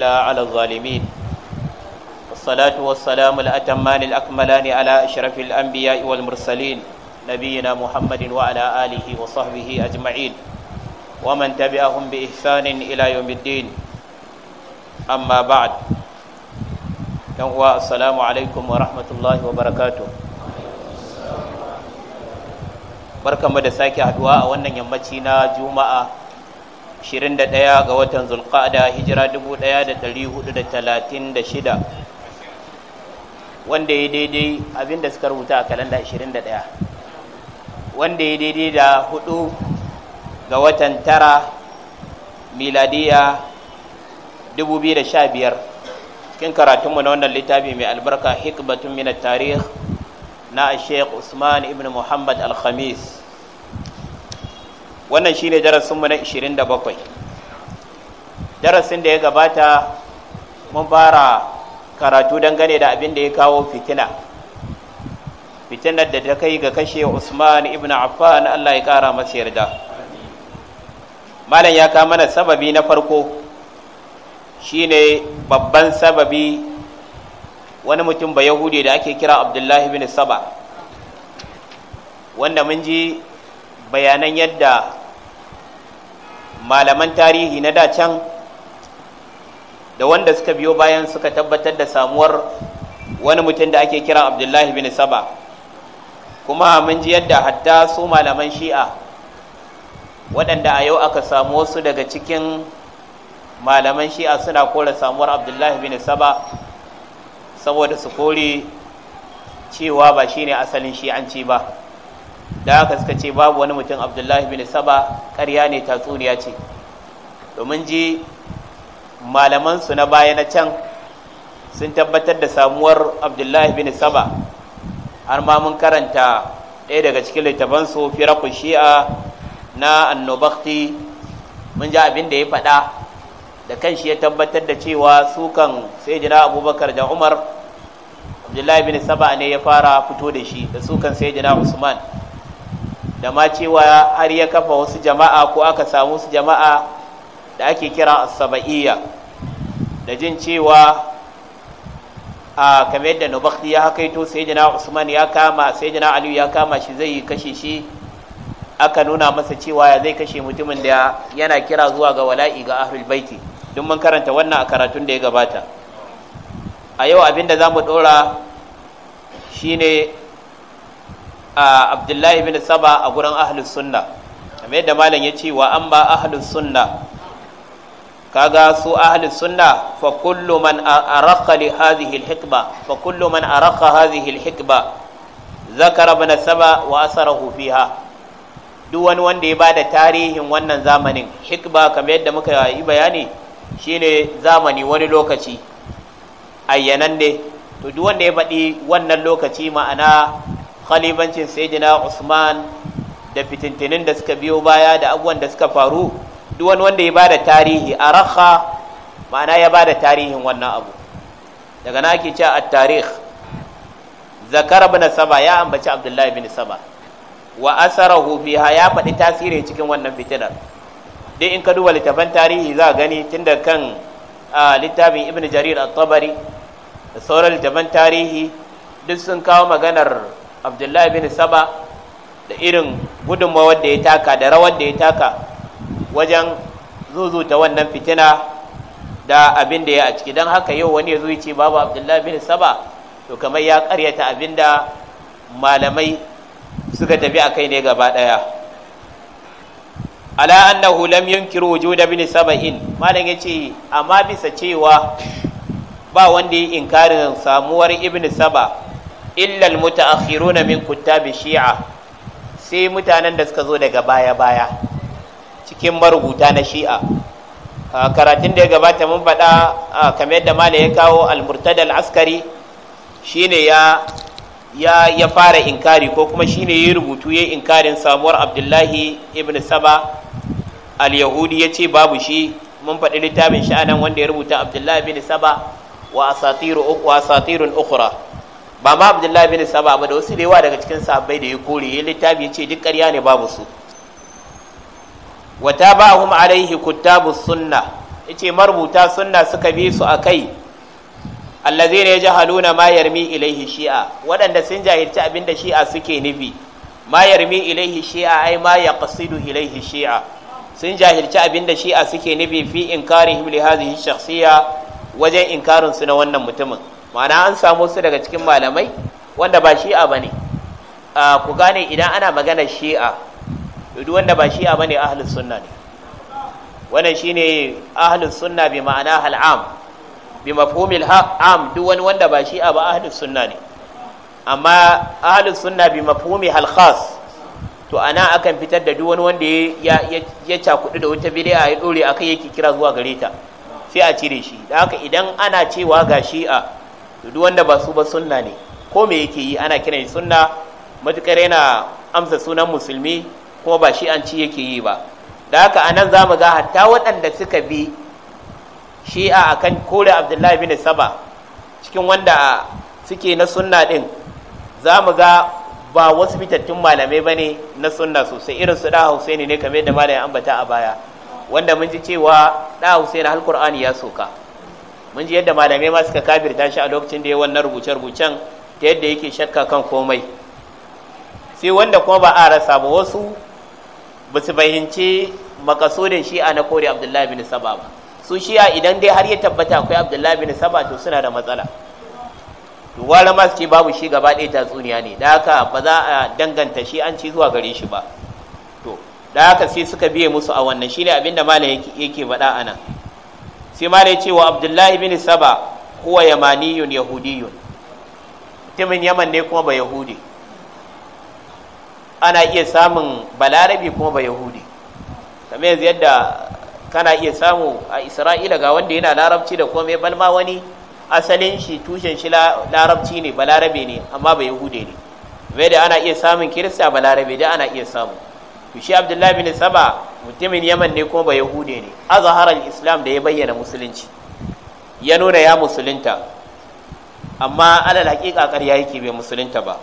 إلا على الظالمين والصلاة والسلام الأتمان الأكملان على أشرف الأنبياء والمرسلين نبينا محمد وعلى آله وصحبه أجمعين ومن تبعهم بإحسان إلى يوم الدين أما بعد السلام عليكم ورحمة الله وبركاته barkanmu da sake haduwa a wannan yammaci na juma'a 21 ga watan zulqa'ada hijira 1436 wanda ya daidai abinda suka rubuta a kalanda 21 wanda ya daidai da 4 ga watan tara miladiya 2015 cikin karatunmu na wannan littafi mai albarka hikmatun minat tarih na sheikh usman ibn muhammad al-khamis wannan shine darasinmu na 27 darasin da ya gabata mun fara karatu dangane da abin da ya kawo fitina fitinar da ta kai ga kashe usman ibn affan allah ya kara masa yarda malam ya kawo mana sababi na farko shine babban sababi wani mutum ba yahudi da ake kira abdullahi bin saba wanda mun ji bayanan yadda malaman tarihi na da can da wanda suka biyo bayan suka tabbatar da samuwar wani mutum da ake kira abdullahi bin saba kuma mun ji yadda hatta su malaman shi'a waɗanda a yau aka samu wasu daga cikin malaman shi'a suna kora samuwar abdullahi bin saba saboda su kore cewa ba shine asalin shi'anci ba da haka suka ce babu wani mutum abdullahi bin saba ƙarya ne tatsuniya ce domin ji malamansu na baya na can sun tabbatar da samuwar abdullahi bin saba har ma mun karanta ɗaya daga cikin littafansu firaku shi'a na annobakti mun ji abin da ya faɗa da kan shi ya tabbatar da cewa sukan kan sai jina abubakar da umar abdullahi bin saba ne ya fara fito da shi da sukan kan sai jina usman da ma cewa har ya kafa wasu jama'a ko aka samu su jama'a da ake kira asaba'iyya da jin cewa a kamar yadda nubakti ya sai jina usman ya kama jina aliyu ya kama shi zai kashe shi aka nuna masa cewa ya zai kashe mutumin da yana kira zuwa ga wala'i ga ahlul baiti duk mun karanta wannan a karatun da ya gabata a yau abin da za mu ɗora shine A abdullahi bin saba a gurin ahlus sunna kamar yadda malam ya ce wa ba ahlus sunna kaga su ahlus sunna fa kullu man araqa li hadhihi al-hikma fa kullu man araqa hadhihi al-hikma zakara bin saba wa asarahu fiha duk wani wanda ya bada tarihin wannan zamanin Hikba kamar yadda muka yi bayani shine zamani wani lokaci ayyanan ne to duk wanda ya faɗi wannan lokaci ma'ana khalifancin sayyidina Usman da fitintinin da suka biyo baya da abubuwan da suka faru duk wani wanda ya bada tarihi arakha ma'ana ya bada tarihin wannan abu daga na ake cewa at-tarikh zakar ibn saba ya ambaci abdullahi ibn saba wa asarahu fiha ya faɗi tasiri cikin wannan fitinar dai in ka duba littafan tarihi za gani tun da kan littafin ibn jarir at-tabari da sauran littafan tarihi duk sun kawo maganar abdullahi bin saba da irin gudunmawar da ya taka da rawar da ya taka wajen zuzuta wannan fitina da abin da ya a ciki don haka yau wani ya zo ce babu abdullahi bin saba to kamar ya karyata abin da malamai suka tafi a kai ne gaba ɗaya ala annahu lam yunkiru wujuda bin saba'in malam yace ce amma bisa cewa ba wanda ya inkarin samuwar ibn saba illal mutaakhiruna min kuttabi shi'a sai mutanen da suka zo daga baya-baya cikin marubuta na shi'a karatun da ya gabata mun faɗa kamar yadda mala ya kawo al askari shine ya ya ya fara inkari ko kuma shine ya rubutu ya inkarin samuwar abdullahi ibn saba al-yahudi ya ce babu shi mun faɗi littafin shi anan wanda ya rubuta abdullahi ibn saba wa asatirun ukhra ba ma abdullahi bin saba ba da wasu da yawa daga cikin sahabbai da ya kore ya littafi ya ce duk ƙarya ne babu su wata ba hum alaihi kuttabu sunna ya ce marubuta sunna suka bi su a kai allazi ne ya ji haluna ma yarmi ilaihi shi'a waɗanda sun jahilci abin da shi'a suke nufi ma yarmi ilaihi shi'a ai ma ya ilaihi shi'a sun jahilci abin da shi'a suke nufi fi inkarihim li hadhihi shakhsiyya wajen inkarin su na wannan mutumin ma'ana an samu su daga cikin malamai wanda ba shi'a ba ne ku gane idan ana magana shi'a duk wanda ba shi'a ba ne ahalus sunna ne wannan shine ahalus sunna bi ma'ana hal'am bi mafhumil am duk wani wanda ba shi'a ba ahalus sunna ne amma ahalus sunna bi mafhumi hal khas to ana akan fitar da duk wani wanda ya cakudu da wata bid'a ya dore akai yake kira zuwa gare ta sai a cire shi da haka idan ana cewa ga shi'a duk wanda ba su ba sunna ne ko me yake yi ana kiran sunna matukar yana amsa sunan musulmi kuma ba shi an ci yake yi ba da haka anan za mu ga hatta waɗanda suka bi shi'a akan kore abdullahi bin saba cikin wanda suke na sunna ɗin za mu ga ba wasu fitattun malamai ba ne na sunna sosai irin su da husaini ne kamar da malami ambata a baya wanda mun ji cewa da husaini alkur'ani ya soka mun ji yadda malamai ma suka ta shi a lokacin da ya wannan rubuce-rubucen ta yadda yake shakka kan komai sai wanda kuma ba a rasa ba wasu ba su fahimci makasudin shi'a na kore abdullahi bin saba ba su shi'a idan dai har ya tabbata akwai abdullahi bin saba to suna da matsala to ma ce babu shi gaba ɗaya tatsuniya ne da haka ba za a danganta shi an ci zuwa gare shi ba to da haka sai suka biye musu a wannan shine abinda malam yake faɗa a nan sai ma da ya ce wa abdullahi bin saba huwa yamaniyun yahudiyun mutumin yaman ne kuma ba yahudi ana iya samun balarabi kuma ba yahudi Kame yanzu yadda kana iya samu a isra'ila ga wanda yana larabci da kuma mai balma wani asalin shi tushen shi larabci ne balarabe ne amma ba Yahudi ne mai da ana iya samun kirista balarabe da ana iya samu to shi abdullahi bin saba mutumin yaman ne kuma ba yahude ne A azharal islam da ya bayyana musulunci ya nuna ya musulunta amma alal haqiqa ƙarya yake bai musulunta ba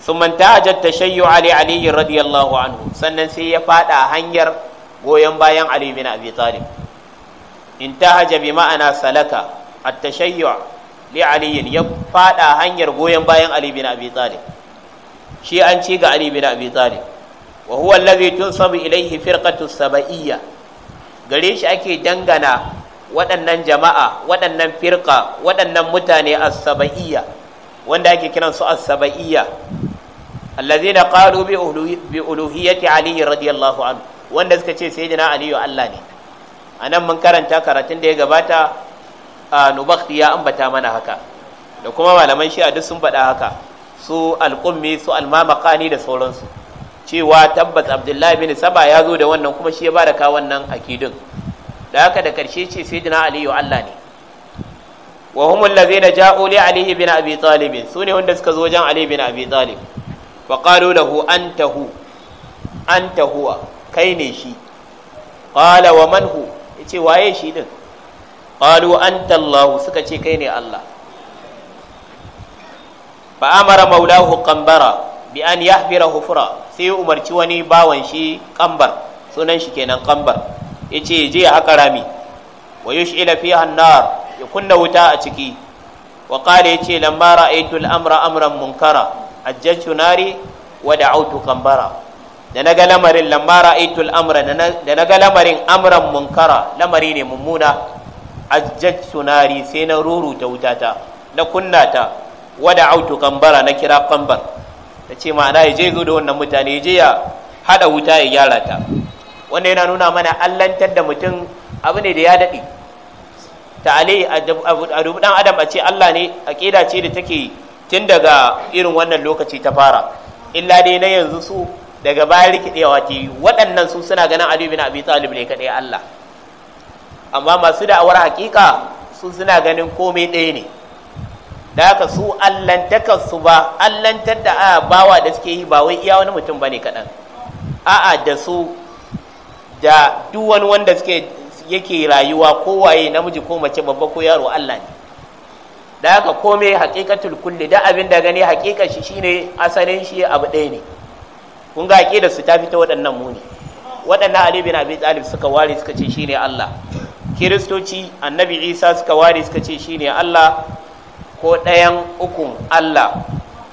sun manta hajjar tashayyu ali aliyu radiyallahu anhu sannan sai ya fada hanyar goyon bayan ali bin abi talib in ta hajja bi ma'ana salaka at tashayyu li Aliyu ya fada hanyar goyon bayan ali bin abi talib shi an ci ga ali bin abi talib wa huwa allazi tunsabu ilaihi firqatu sab'iyya gare shi ake dangana waɗannan jama'a waɗannan firƙa, waɗannan mutane as-sab'iyya wanda ake kiran su as-sab'iyya allazina qalu bi uluhiyyati ali radiyallahu anhu wanda suka ce sayyidina ali Allah ne anan mun karanta karatun da ya gabata a nubakhti ya ambata mana haka da kuma malaman shi'a duk sun faɗa haka su al-qummi su al-mamaqani da sauransu cewa tabbas abdullahi bin saba ya zo da wannan kuma shi ya baraka wannan akidun da haka da karshe ce dina aliyu Allah ne wa humul ladzina ja'u li ali ibn abi talib sune wanda suka zo wajen ali ibn abi talib fa qalu lahu antahu antahuwa kai ne shi qala wa man hu yace waye shi din qalu anta allah suka ce kai ne allah fa amara maulahu qambara bi an yahbira hufra sai ya umarci wani bawan shi kambar sunan shi kenan kambar ya ce je ya haƙa rami wa yush'ila fiha an ya kunna wuta a ciki wa qala yace lamma ra'aytu al-amra amran munkara ajjatu nari wa da'awtu kambara da na ga lamarin lamma ra'aytul amra da na ga lamarin amran munkara lamari ne mummuna ajjat nari sai na ruruta wutata na kunna ta wada autu kambara na kira kambar ta ce ma'ana ya je zo da wannan mutane ya je ya haɗa wuta ya gyara ta wanda yana nuna mana allantar da mutum abu ne da ya daɗe ta alai a dubu ɗan adam a ce allah ne a ƙeda ce da take tun daga irin wannan lokaci ta fara illa dai na yanzu su daga baya rikidewa ke waɗannan su suna ganin aliyu bin abi talib ne kaɗai allah amma masu da'awar hakika su suna ganin komai ɗaya ne da haka su allantakar su ba allantar da a bawa da suke yi ba wai iya wani mutum bane kaɗan a'a da su da duwan wanda suke yake rayuwa kowaye namiji ko mace babba ko yaro Allah ne da haka komai haƙiƙatul kulle. da abin da gani haƙiƙar shi shine asalin shi abu ɗaya ne kun ga aƙidar su ta fita waɗannan muni waɗannan Ali bin Abi Talib suka ware suka ce shine Allah kiristoci annabi Isa suka ware suka ce shine Allah ko ɗayan ukun Allah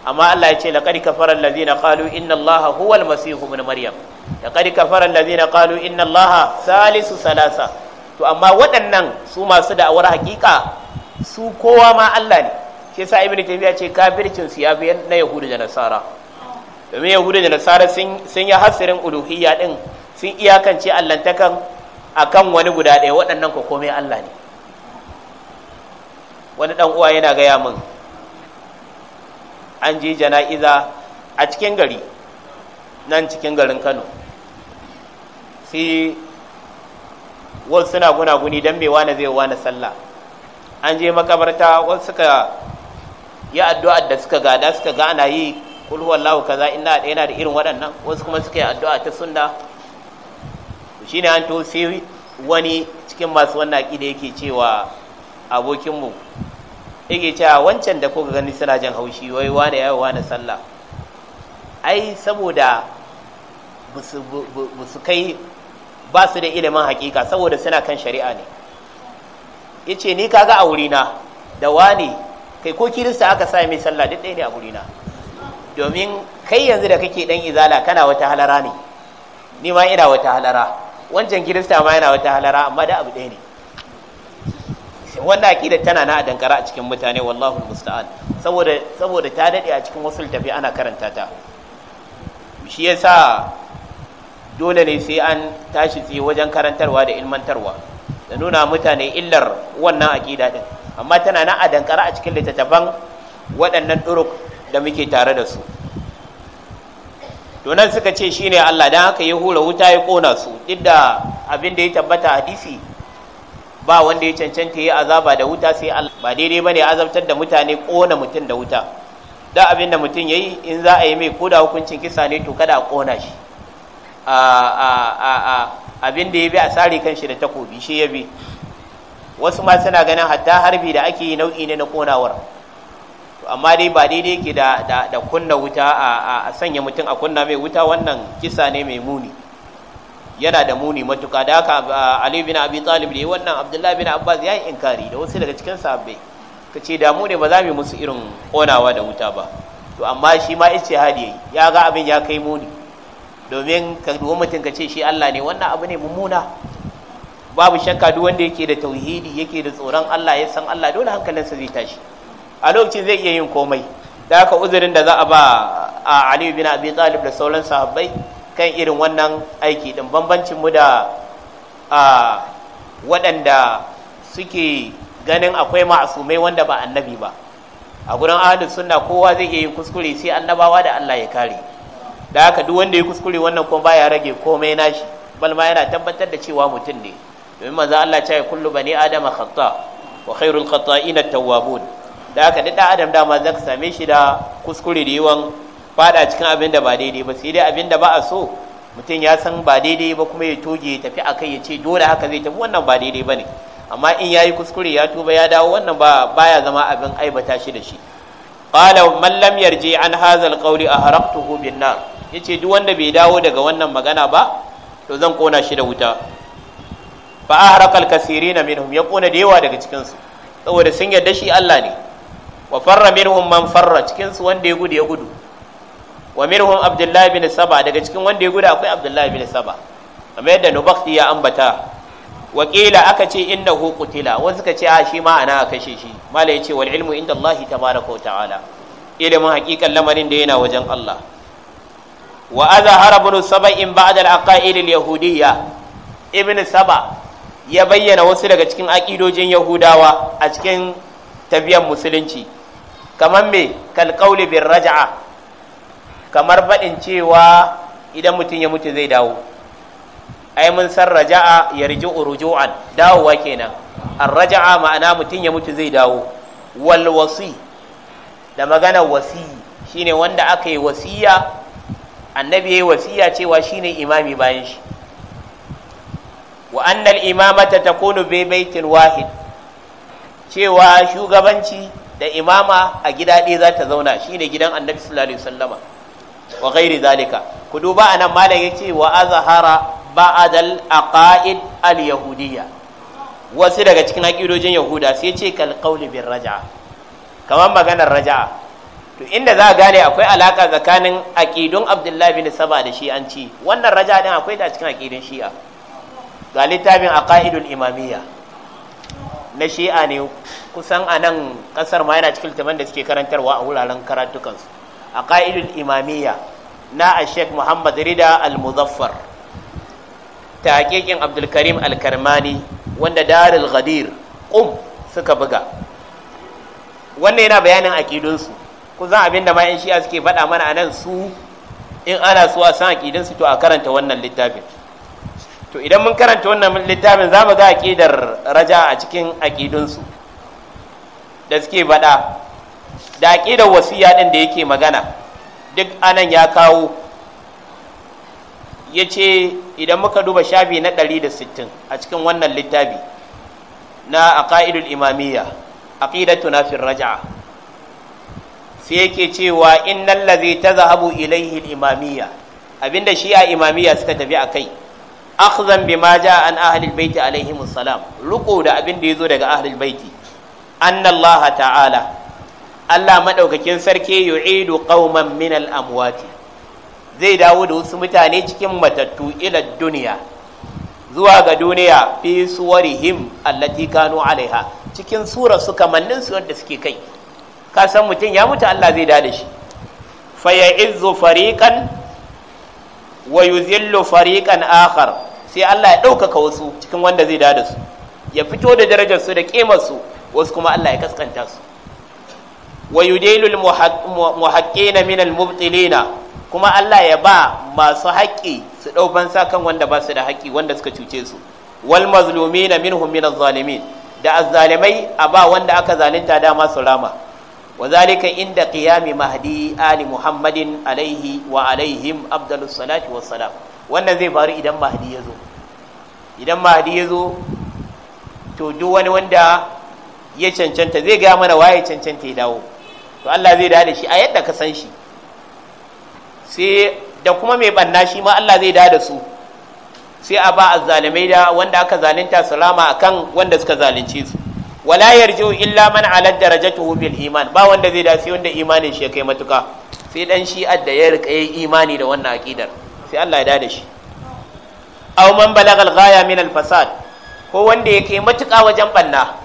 amma Allah ya ce laqad kafara allazina qalu inna allaha huwa almasih ibn maryam laqad kafara allazina qalu inna allaha salisu salasa to amma waɗannan su masu da'awar haƙiƙa su kowa ma Allah ne shi yasa ibn tafiya ce kafircin su ya bi na yahudu da nasara domin yahudu da nasara sun sun yi hasirin uluhiyya din sun iyakance allantakan akan wani guda ɗaya waɗannan ko komai Allah ne wani dan uwa yana gaya min an je jana'iza a cikin gari nan cikin garin kano sai wasu suna gunaguni don mai wane zai wane sallah an je makabarta wasu suka yi addu'a da suka gada suka ga ana yi kulhu wallahu kaza ina da yana da irin waɗannan wasu kuma suka yi addu'a ta sunna shine an to sai wani cikin masu wannan aƙida yake cewa abokinmu yake cewa wancan da kuka gani suna jin haushi wai wane yayi wane sallah ai saboda su kai ba su da ilimin hakika saboda suna kan shari'a ne Ya ce ni kaga a wurina da wane kai ko kirista aka sa mai sallah duk ɗaya ne a wurina domin kai yanzu da kake ɗan izala kana wata halara ne ni ma ina wata halara wancan kirista ma yana wata halara amma da abu ɗaya ne wannan aqida tana na dankara a cikin mutane wallahu musta'an saboda saboda ta dade a cikin wasu tafi ana karanta ta shi yasa dole ne sai an tashi tsaye wajen karantarwa da ilmantarwa da nuna mutane illar wannan aqida din amma tana na a dankara a cikin littattafan waɗannan duruk da muke tare da su donan suka ce shine Allah dan haka ya hura wuta ya kona su duk da abin da ya tabbata hadisi ba wanda ya cancanta ya azaba da wuta sai Allah ba daidai bane azabtar da mutane kona mutum da wuta da abin da mutum yayi in za a yi mai koda hukuncin kisa ne to kada a kona shi a a a a abin da ya bi a sare kanshi da takobi shi ya bi wasu ma suna ganin hatta harbi da ake yi nau'i ne na konawar amma dai ba daidai yake da da kunna wuta a a sanya mutum a kunna mai wuta wannan kisa ne mai muni yana da muni matuka da haka uh, Ali bin Abi Talib ne wannan Abdullahi bin Abbas ya yi inkari da wasu daga cikin sahabbai kace da mu ne ba za mu musu irin konawa da wuta ba to amma shi ma hadi yayi ya ga abin ya kai muni domin ka duwa mutum ka ce shi Allah ne wannan abu ne mummuna babu shakka duk wanda yake da tauhidi yake da tsoron Allah ya san Allah dole hankalinsa zai tashi a lokacin zai iya yin komai da haka uzurin da za a ba a uh, Ali bin Abi Talib da sauran sahabbai kan irin wannan aiki ɗin bambancin mu da waɗanda suke ganin akwai ma'asumai wanda ba annabi ba a gurin ahlus sunna kowa zai iya yin kuskure sai annabawa da Allah ya kare da haka duk wanda ya kuskure wannan kuma baya rage komai nashi Balma yana tabbatar da cewa mutum ne domin manzo Allah ya ce kullu bani adama khata wa khairul khata'ina tawwabun da haka duk da adam dama zaka same shi da kuskure da yawan fada cikin abin da ba daidai ba sai dai abin da ba a so mutum ya san ba daidai ba kuma ya toge ya tafi akai ya ce dole haka zai tafi wannan ba daidai ba ne amma in ya yi kuskure ya tuba ya dawo wannan ba baya zama abin aibata shi da shi qala man lam yarji an hadha alqawli ahraqtuhu bin nar yace duk wanda bai dawo daga wannan magana ba to zan kona shi da wuta fa ahraqa alkasirina minhum ya kona da yawa daga cikin su saboda sun yarda shi Allah ne wa farra minhum man farra cikin su wanda ya gudu ya gudu wa mirhum abdullahi bin saba daga cikin wanda ya guda akwai abdullahi bin saba kamar yadda nubakti ya ambata wakila aka ce innahu qutila wasu suka ce a shi ma ana kashe shi mala yace wal ilmu inda Allah tabaraka wa ta'ala ilimin hakikan lamarin da yana wajen Allah wa azhara ibn sab'in ba'da al aqaid al yahudiyya ibn saba ya bayyana wasu daga cikin aƙidojin yahudawa a cikin tabiyan musulunci kamar me kal qawli bir raj'a kamar faɗin cewa idan mutum ya mutu zai dawo ai mun san raja'a yarji'u dawo dawowa kenan an rajaa ma'ana mutum ya mutu zai dawo wal wasi da magana wasi shine wanda aka yi wasiya annabi ya yi wasiya cewa shine imami bayan shi wa annal imamata ta bi baitin wahid cewa shugabanci da imama a gida ɗaya za ta zauna shine gidan annabi sallallahu alaihi wasallama wa ghairi zalika ku duba anan malam yace wa azhara ba'd al aqaid al yahudiyya wasu daga cikin aqidojin yahuda sai ce kal qawli bir raja'a kamar maganar raja'a to inda za a gane akwai alaka tsakanin aqidun abdullahi bin saba da shi'anci wannan rajaa din akwai da cikin aqidun shi'a ga littafin aqaidul imamiyya na shi'a ne kusan anan nan kasar ma yana cikin littafin da suke karantarwa a wuraren karatukansu aqaidul imamiyya na ashek muhammad rida al-muzaffar ta hakikin abdulkarim al-karmani wanda darul ghadir ƙum suka buga wannan yana bayanin ku kusan abinda ma yan shi'a suke faɗa mana anan su in ana so a san akidunsu to a karanta wannan littafin to idan mun karanta wannan littafin za mu ga akidar raja a cikin akidunsu da suke faɗa da aƙidar wasiya ɗin da yake magana duk anan ya kawo ya ce idan muka duba shafi na ɗari da 160 a cikin wannan littafi na a ƙa’idul imamiyya aqidatuna tunafin raja'a sai yake cewa innal ta zahabu ilayhi imamiyya abinda shi a imamiyya suka tafi a kai. akhzan bi ma ja an ahli baiti alaihim salam ruko da abinda yazo daga ahli baiti Annallaha ta'ala Allah maɗaukakin sarki yu'idu qauman min al-amwati zai dawo da wasu mutane cikin matattu ila duniya zuwa ga duniya fi suwarihim allati kanu alaiha cikin sura su kamannin su wanda suke kai ka san mutum ya mutu Allah zai dade shi fa ya'izzu fariqan wa yuzillu fariqan akhar sai Allah ya ɗaukaka wasu cikin wanda zai da su ya fito da darajar su da kimar su wasu kuma Allah ya kaskanta su wa yudilul muhaqqina min al-mubtilina kuma Allah ya ba masu haƙƙi su ɗau kan wanda ba su da haƙƙi wanda suka cuce su wal mazlumina minhum min az-zalimin da azzalimai a ba wanda aka zalunta dama su rama wa zalika inda qiyami mahdi ali muhammadin alaihi wa alaihim afdalus salati salam. wannan zai faru idan mahdi ya zo idan mahdi ya zo to duk wani wanda ya cancanta zai gaya mana waye cancanta ya dawo to Allah zai da shi a yadda ka san shi sai da kuma mai banna shi ma Allah zai da su sai a ba azzalimai da wanda aka zalunta salama akan wanda suka zalunce su wala yarju illa man ala darajatuhu bil iman ba wanda zai da sai wanda imanin shi kai matuka sai dan shi adda ya rika imani da wannan aqidar sai Allah ya da shi aw man balagal ghaya min al fasad ko wanda yake matuka wajen banna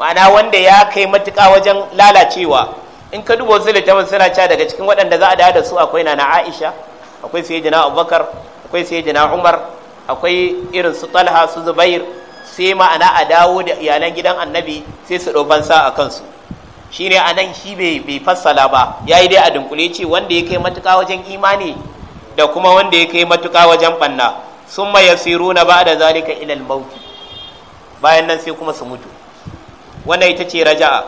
ma'ana wanda ya kai matuƙa wajen lalacewa in ka duba wasu littafin suna cewa daga cikin waɗanda za a da da su akwai na Aisha akwai jina Abubakar akwai jina Umar akwai irin su Talha su Zubair sai ma'ana a dawo da iyalan gidan Annabi sai su ɗauban sa a kansu shine anan shi bai fassala ba yayi dai a dunkule ce wanda ya kai matuƙa wajen imani da kuma wanda ya kai matuƙa wajen ɓanna sun ma yasiruna ba da zalika ilal mauti bayan nan sai kuma su mutu wannan ita ce raja'a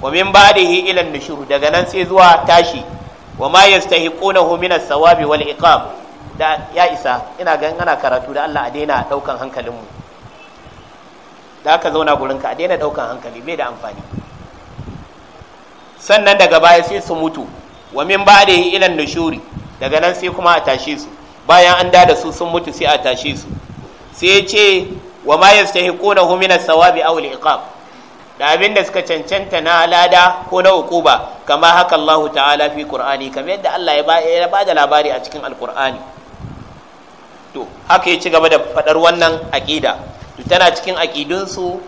wa min ba'dihi ila nushur daga nan sai zuwa tashi wa ma yastahiqunahu min as-sawabi wal iqam da ya isa ina ganin ana karatu da Allah a daina daukan hankalin mu da aka zauna gurin ka a daina daukan hankali bai da amfani sannan daga baya sai su mutu wa min ba'dihi ila nushuri daga nan sai kuma a tashe su bayan an da su sun mutu sai a tashe su sai ya ce wa ma yastahiqunahu min as-sawabi aw al-iqam da abin da suka cancanta na lada ko na ukuba kama haka Allah ta'ala fi Qur'ani kamar yadda Allah ya ba da labari a cikin al Alkur'ani to haka ya ci gaba da faɗar wannan aƙida tana cikin aƙidunsu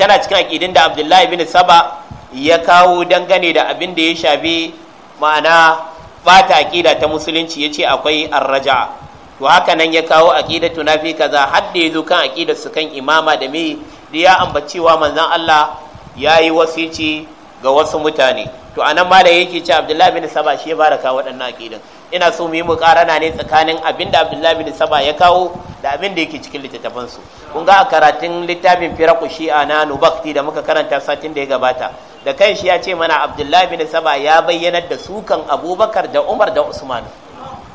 tana cikin aƙidun da Abdullahi bin Saba ya kawo dangane da abin da ya shafi ma'ana bata aƙida ta musulunci yace akwai arraja to haka nan ya kawo aqidatu na kaza har da yazo kan aqidar su kan imama da me da ya ambacewa manzon Allah ya yi wasici ga wasu mutane to anan da yake ce Abdullahi bin Saba shi ya ba da kawo waɗannan aƙidin ina so mu yi ƙarana ne tsakanin abin da Abdullahi bin Saba ya kawo da abin da yake cikin littattafansu. kun ga a karatun littafin firaku a na Nubakti da muka karanta satin da ya gabata da kan shi ya ce mana Abdullahi bin Saba ya bayyanar da sukan Abubakar da Umar da Usman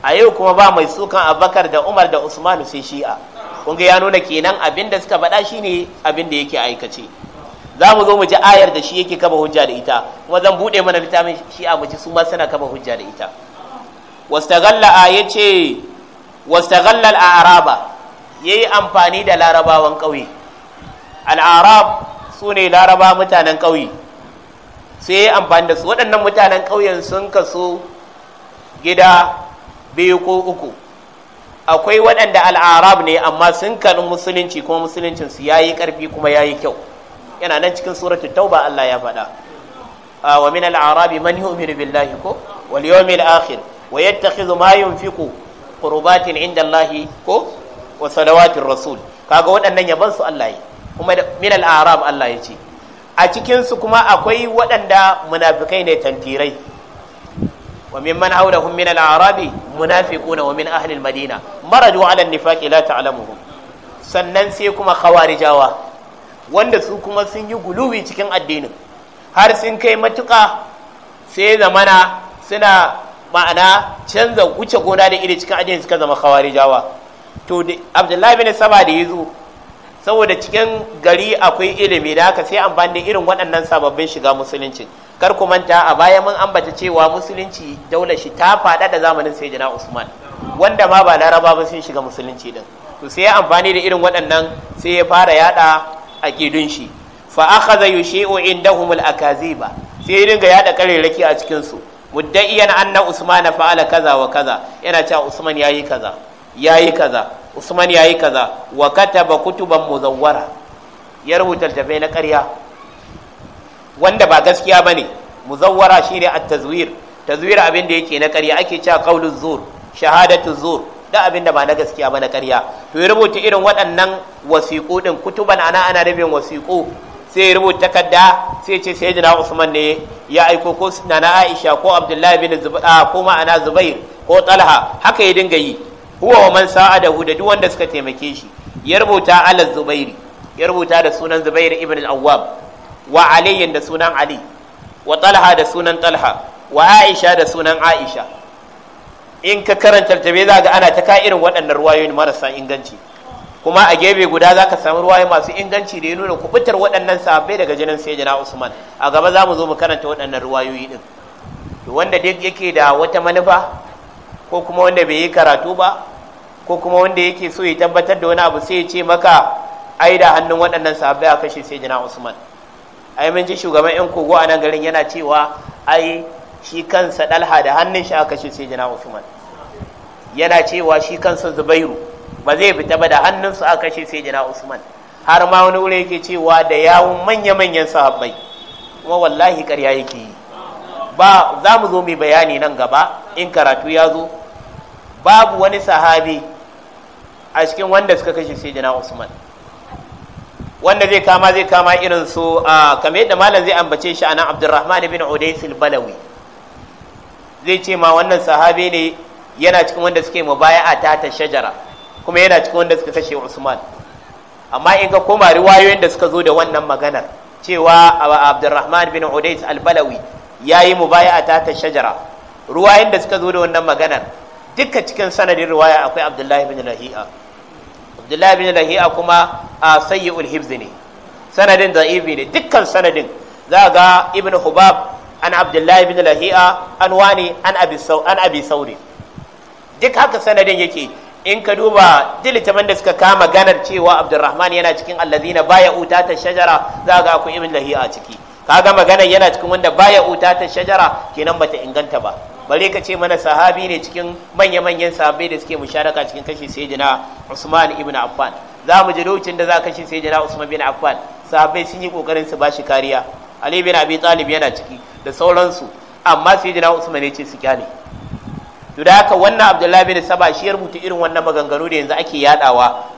a yau kuma ba mai sukan Abubakar da Umar da Usman sai shi'a kun ya nuna kenan abin da suka faɗa shine abin da yake aikace za mu zo mu ji ayar da shi yake kaba hujja da ita kuma zan buɗe mana littafin shi a muji su ma suna kaba hujja da ita wastagalla a yace wastaghalla al-araba yayi amfani da larabawan ƙauye al-arab sune laraba mutanen ƙauye sai yayi amfani da su waɗannan mutanen ƙauyen sun kaso gida biyu ko uku akwai waɗanda al'arab ne amma sun kanin musulunci kuma musuluncin su yayi karfi kuma yayi kyau yana nan cikin suratul tauba Allah ya faɗa wa min al'arabi man yu'minu billahi ko wal yawmil akhir wa yattakhidhu ma yunfiqu qurbatin inda Allah ko wa salawatir rasul kaga waɗannan yaban su Allah yi kuma min al'arab Allah ya ce a cikin su kuma akwai waɗanda munafikai ne tantirai wa man haulahum min al-arabi munafiquna wa min ahli al-madina maradu ala an-nifaqi la ta'lamuhum sannan sai kuma khawarijawa wanda su kuma sun yi guluwi cikin addinin har sun kai matuƙa sai zamana suna ma'ana canza wuce gona da iri cikin addinin suka zama khawarijawa to abdullahi bin saba da yazo saboda cikin gari akwai ilimi da haka sai amfani da irin waɗannan sababbin shiga musulunci kar ku manta a baya mun ambata cewa musulunci daular shi ta faɗa da zamanin jana Usman wanda ma ba laraba ba sun shiga musulunci din to sai ya amfani da irin waɗannan sai ya fara yada a kidun shi fa akhadha yushi'u indahum al-akaziba sai ya dinga yada karerake a cikin su mudda'iyan anna usman fa'ala kaza wa kaza yana cewa usman yayi kaza yayi kaza usman yayi kaza wa kataba kutuban muzawwara ya rubuta tafai na ƙarya wanda ba gaskiya bane muzawwara shine a tazwir tazwir abin da yake na ƙarya ake cewa qaulu zur shahadatu zur da abin da ba na gaskiya ba na ƙarya to ya rubuta irin waɗannan wasiƙu ɗin kutuban ana ana rabin wasiƙu sai ya rubuta takarda sai ce sai jina usman ne ya aiko ko nana aisha ko abdullahi bin zubair ko ma'ana zubair ko talha haka ya dinga yi huwa wa man sa'adahu da duk wanda suka taimake shi ya rubuta ala zubairi ya rubuta da sunan zubair ibn al-awwab wa aliyin da sunan ali wa talha da sunan talha wa aisha da sunan aisha in ka karanta tabe za ga ana ta ka irin waɗannan ruwayoyin marasa inganci kuma a gefe guda za ka samu ruwaye masu inganci da ya nuna kubutar waɗannan sahabbai daga jinin sayyidina usman a gaba za mu zo mu karanta waɗannan ruwayoyi din wanda duk yake da wata manufa ko kuma wanda bai yi karatu ba ko kuma wanda yake so ya tabbatar da wani abu sai ya ce maka ai da hannun waɗannan sahabbai a kashe sayyidina usman ai mun ji shugaban yan kogo a nan garin yana cewa ai shi kansa dalha da hannun shi aka ce jina usman yana cewa shi kansa zubairu ba zai fita ba da hannunsa aka ce sai jina usman har ma wani wuri yake cewa da yawun manya-manyan sahabbai kuma wallahi karya yake yi ba za mu zo mai bayani nan gaba in karatu ya zo babu wani sahabi a cikin wanda suka kashe sai jina usman wanda zai kama zai kama irin su a kamar yadda malam zai ambace shi a Abdurrahman ibn Udais al-Balawi zai ce ma wannan sahabi ne yana cikin wanda suke mubaya'a ta ta shajara kuma yana cikin wanda suka kashe Usman amma in ka koma riwayoyin da suka zo da wannan maganar cewa Abdurrahman bin Udais yi balawi yayi mubaya'a ta ta shajara ruwayoyin da suka zo da wannan maganar duka cikin sanadin riwaya akwai Abdullahi bin Lahi'a abdullahi bin lahi'a kuma a sayyi'ul hibz ne sanadin za'ibi ne dukkan sanadin za ga ibn hubab an abdullahi bin lahi'a an wani an abi sauri duk haka sanadin yake in ka duba dilitaman da suka kama ganar cewa abdurrahman yana cikin allazina baya uta ta shajara za ga akwai ibn lahi'a ciki kaga maganar yana cikin wanda baya uta ta shajara kenan bata inganta ba bare ka ce mana sahabi ne cikin manya-manyan sahabai da suke musharaka cikin kashi sai jina Usman ibn Affan za mu ji lokacin da za kashe jina Usman ibn Affan sahabai sun yi kokarin su bashi kariya Ali bin Abi Talib yana ciki da sauransu amma sai jina Usman ne ce su kyale to da haka wannan Abdullahi bin Saba shi ya rubuta irin wannan maganganu da yanzu ake yadawa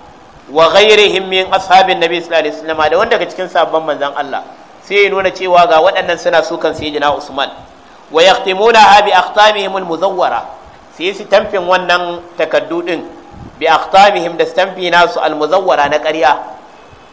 wa ghairihim min ashabin nabi sallallahu alaihi wasallam da wanda daga cikin sahabban manzon Allah sai ya nuna cewa ga waɗannan suna sukan jina Usman wa yaqtimunaha bi aqtamihim al-muzawwara sai su tamfin wannan takaddu din bi aqtamihim da stamfi nasu al-muzawwara na ƙarya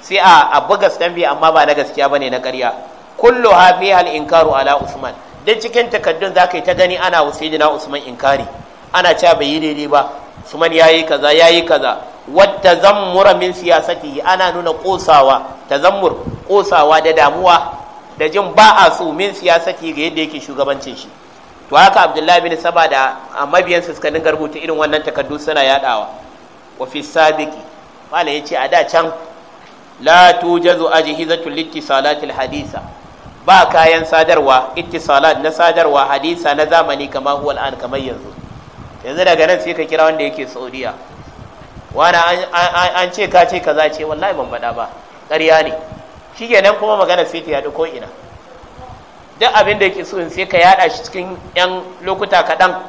sai a buga stamfi amma ba na gaskiya bane na ƙarya kullu ha fi hal inkaru ala usman dan cikin takaddun zaka ta gani ana usaidina usman inkari ana cewa bai yi daidai ba usman yayi kaza yayi kaza wata zammura min siyasati ana nuna kosawa tazammur kosawa da damuwa da jin ba a so min siyasati ga yadda yake shugabancin shi to haka abdullahi bin saba da mabiyansa suka dinga rubuta irin wannan takardu suna yadawa wa fi sabiqi malam yace a da can la tujazu ajhizatu littisalati alhadisa ba kayan sadarwa ittisalat na sadarwa hadisa na zamani kamar huwa al'an kamar yanzu yanzu daga nan sai ka kira wanda yake saudiya wani an ce ka ce kaza ce wallahi ban faɗa ba ƙarya ne shi shikenan kuma magana sai ta yaɗu ko ina duk abin da yake so in sai ka yaɗa shi cikin yan lokuta kaɗan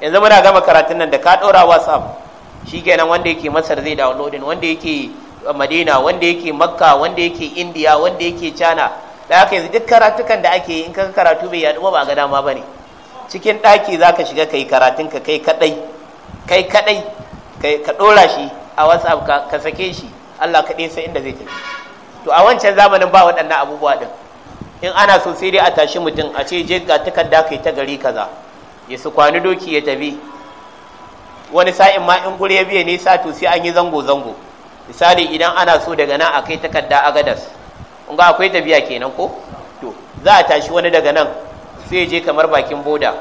yanzu muna gama karatun nan da ka ɗora whatsapp shikenan wanda yake masar zai downloading wanda yake madina wanda yake makka wanda yake indiya wanda yake china da haka yanzu duk karatukan da ake yi in ka karatu bai yaɗu ba ga dama ba ne cikin ɗaki za ka shiga ka yi karatun ka kai kaɗai kai kaɗai ka ɗora shi a whatsapp ka sake shi allah kaɗai sai inda zai tafi to a wancan zamanin ba waɗannan abubuwa ɗin in ana so sai dai a tashi mutum a ce je ga takarda kai ta gari kaza ya su kwani doki ya tafi wani sa'in ma in gure ya biya nisa to sai an yi zango zango misali idan ana so daga nan a kai takarda a Gadas. in ga akwai tafiya kenan ko to za a tashi wani daga nan sai je kamar bakin boda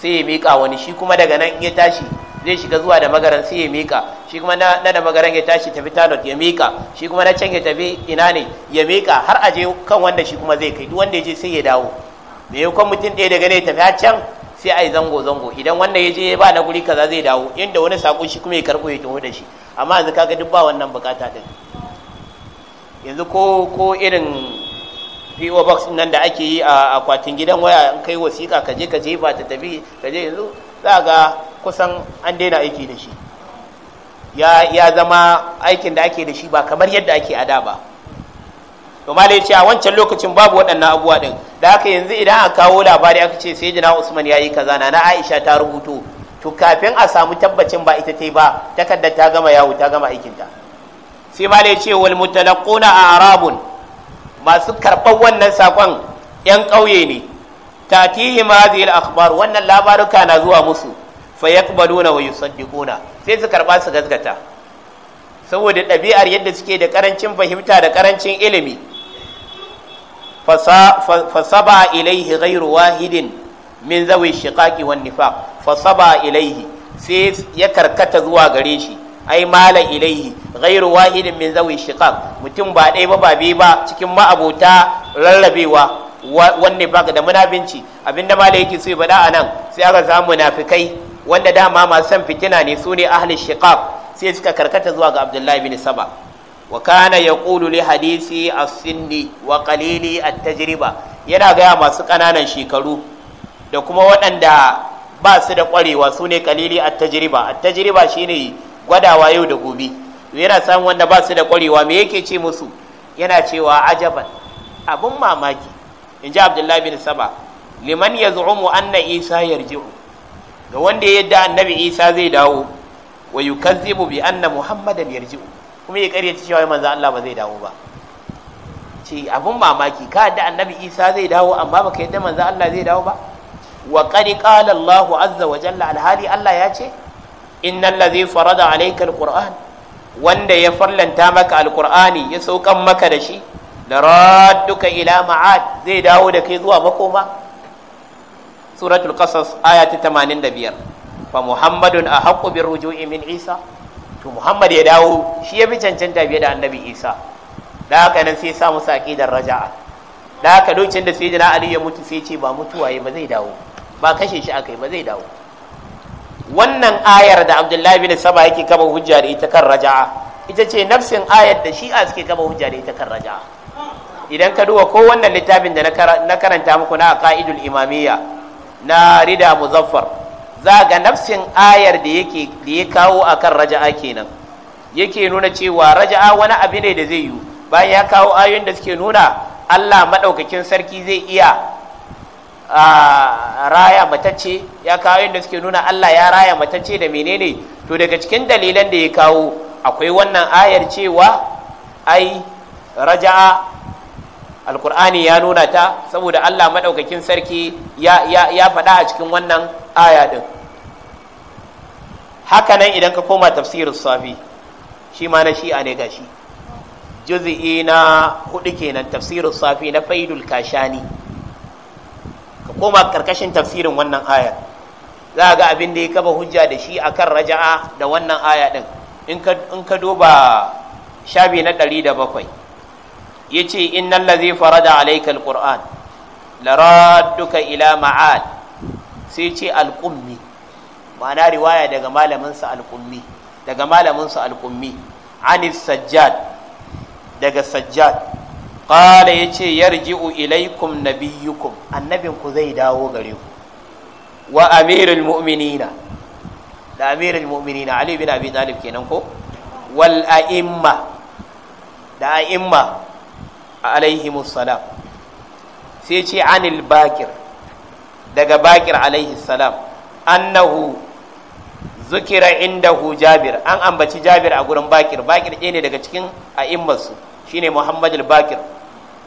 sai ya miƙa wani shi kuma daga nan in ya tashi zai shiga zuwa da magaran sai ya mika shi kuma na da magaran ya tashi tafi talot ya mika shi kuma na can ya tafi ina ne ya mika har aje kan wanda shi kuma zai kai duk wanda ya je sai ya dawo me ya kwan mutum ɗaya daga ne tafi har can sai a yi zango zango idan wanda ya je ya ba na guri kaza zai dawo inda wani sako shi kuma ya karɓo ya taho da shi amma yanzu kaga duk ba wannan bukata din yanzu ko ko irin PO box nan da ake yi a akwatin gidan waya in kai wasiƙa ka je ka je ba ta tafi ka je yanzu za ga kusan an daina aiki da shi ya zama aikin da ake da shi ba kamar yadda ake a da ba domin ya ce a wancan lokacin babu waɗannan abuwa ɗin da aka yanzu idan a kawo labari aka ce sai jina usman ya yi kaza na na aisha ta rubuto to kafin a samu tabbacin ba ita ta ba takardar ta gama yawo ta gama aikinta sai ma ya ce wal mutalakuna a arabun masu karɓar wannan sakon yan ƙauye ne tatihim hadhihi al-akhbar wannan labaruka na zuwa musu fa yaqbaluna wa yusaddiquna sai su karba su gazgata saboda ɗabi'ar yadda suke da ƙarancin fahimta da ƙarancin ilimi fasaba ilaihi ghairu wahidin min zawi shiqaqi wan nifaq fasaba ilaihi sai ya karkata zuwa gare shi ai mala ilaihi ghairu wahidin min zawi shiqaq mutum ba ɗaya ba ba biyu ba cikin ma'abota rarrabewa wanne baka da munafinci abinda malai yake so ya faɗa a nan sai aka samu munafikai wanda dama masu san fitina ne su ne ahli shiqaq sai suka karkata zuwa ga abdullahi bin saba wa kana yaqulu li hadisi as sinni wa qalili at-tajriba yana gaya masu kananan shekaru da kuma waɗanda ba su da ƙwarewa su ne kalili at-tajriba at-tajriba shine gwadawa yau da gobe to yana samun wanda ba su da ƙwarewa me yake ce musu yana cewa ajaban abun mamaki in ji abdullahi bin saba liman ya zu'umu anna isa yarji'u ga wanda ya yadda annabi isa zai dawo wa yukazzibu bi anna muhammadan yarji'u kuma ya karyace cewa manzo Allah ba zai dawo ba ce abun mamaki ka da annabi isa zai dawo amma baka yadda manzo Allah zai dawo ba wa qad qala Allahu azza wa jalla alhali Allah ya ce in innal ladhi farada alayka alquran wanda ya farlanta maka alqur'ani ya saukan maka da shi laradduka ila ma'ad zai dawo da kai zuwa makoma suratul qasas aya ta 85 fa muhammadun ahqqu birruju'i min isa to muhammad ya dawo shi ya fi cancanta biye da annabi isa da haka nan sai sa musu aqidar raja'a da haka lokacin da sayyidina ali ya mutu sai ce ba mutuwa ba zai dawo ba kashe shi akai ba zai dawo wannan ayar da abdullahi bin saba yake kama hujja da ita kan raja'a ita ce nafsin ayar da shi'a suke kama hujja da ita kan raja'a idan ka duba ko wannan littafin da na karanta muku na ka'idul imamiyya na rida muzaffar za ga nafsin ayar da yake da ya kawo akan raja'a kenan yake nuna cewa raja'a wani abu ne da zai yi bayan ya kawo ayoyin da suke nuna Allah maɗaukakin sarki zai iya a raya matacce ya kawo suke nuna Allah ya raya matacce da menene to daga cikin dalilan da ya kawo akwai wannan ayar cewa ai raja'a alkur'ani ya nuna ta saboda Allah madaukakin sarki ya faɗa a cikin wannan aya din haka nan idan ka koma tafsirin safi shi ma na shi a ne gashi juz'i na hudu kenan tafsirin safi na faidul kashani ka koma karkashin tafsirin wannan ayar za ga abin da ya kaba hujja da shi akan raja'a da wannan aya din in ka duba shabi na ɗari da bakwai. Ya yace innal ladhi farada alayka alquran Laraduka ila ma'ad sai ce alqummi ma'ana riwaya daga malamin sa daga malamin sa alqummi anis sajjad daga sajjad ya ce yarji'u ilaykum nabiyyukum annabinku zai dawo gare ku wa amirul mu'minina da amirul mu'minina ali bin abi talib kenan ko wal a'imma da a'imma alaihimus salam sai ce anil bakir daga bakir alaihi annahu zukira indahu jabir an ambaci jabir a gurin bakir bakir ne daga cikin a'immarsu shine muhammad al-bakir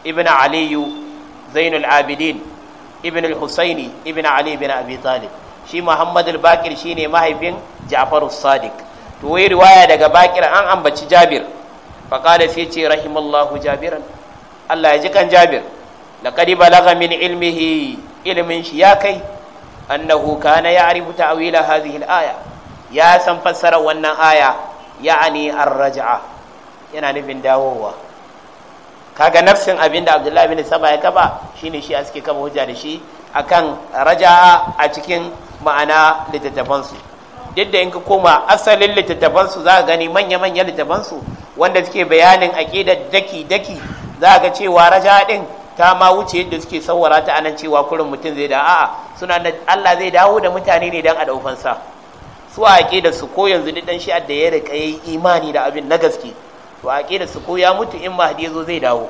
ibn aliyu zainul abidin ibn al-husaini ibn ali ibn abi talib shi muhammad al-bakir shine mahaifin ja'far sadiq to wai riwaya daga bakir an ambaci jabir faqala sai ce rahimallahu jabiran Allah ya ji kan Jabir laqad balagha min ilmihi ilmin shi ya kai annahu kana ya'rifu ta'wila hadhihi al-aya ya san fassara wannan aya ya'ani ar-raj'a yana nufin dawowa kaga nafsin abinda Abdullahi bin Saba ya kaba shine shi suke kaba hujja da shi akan raja'a a cikin ma'ana littattafansu duk da in ka koma asalin littattafansu za ka gani manya-manyan littattafansu wanda suke bayanin aƙidar daki-daki za ga cewa raja ɗin ta ma wuce yadda suke sauwara ta anan cewa kurin mutum zai da a'a suna da Allah zai dawo da mutane ne dan a daukan sa su a da su ko yanzu duk shi shi'ar ya rika yi imani da abin na gaske to a da su ko ya mutu in mahdi yazo zai dawo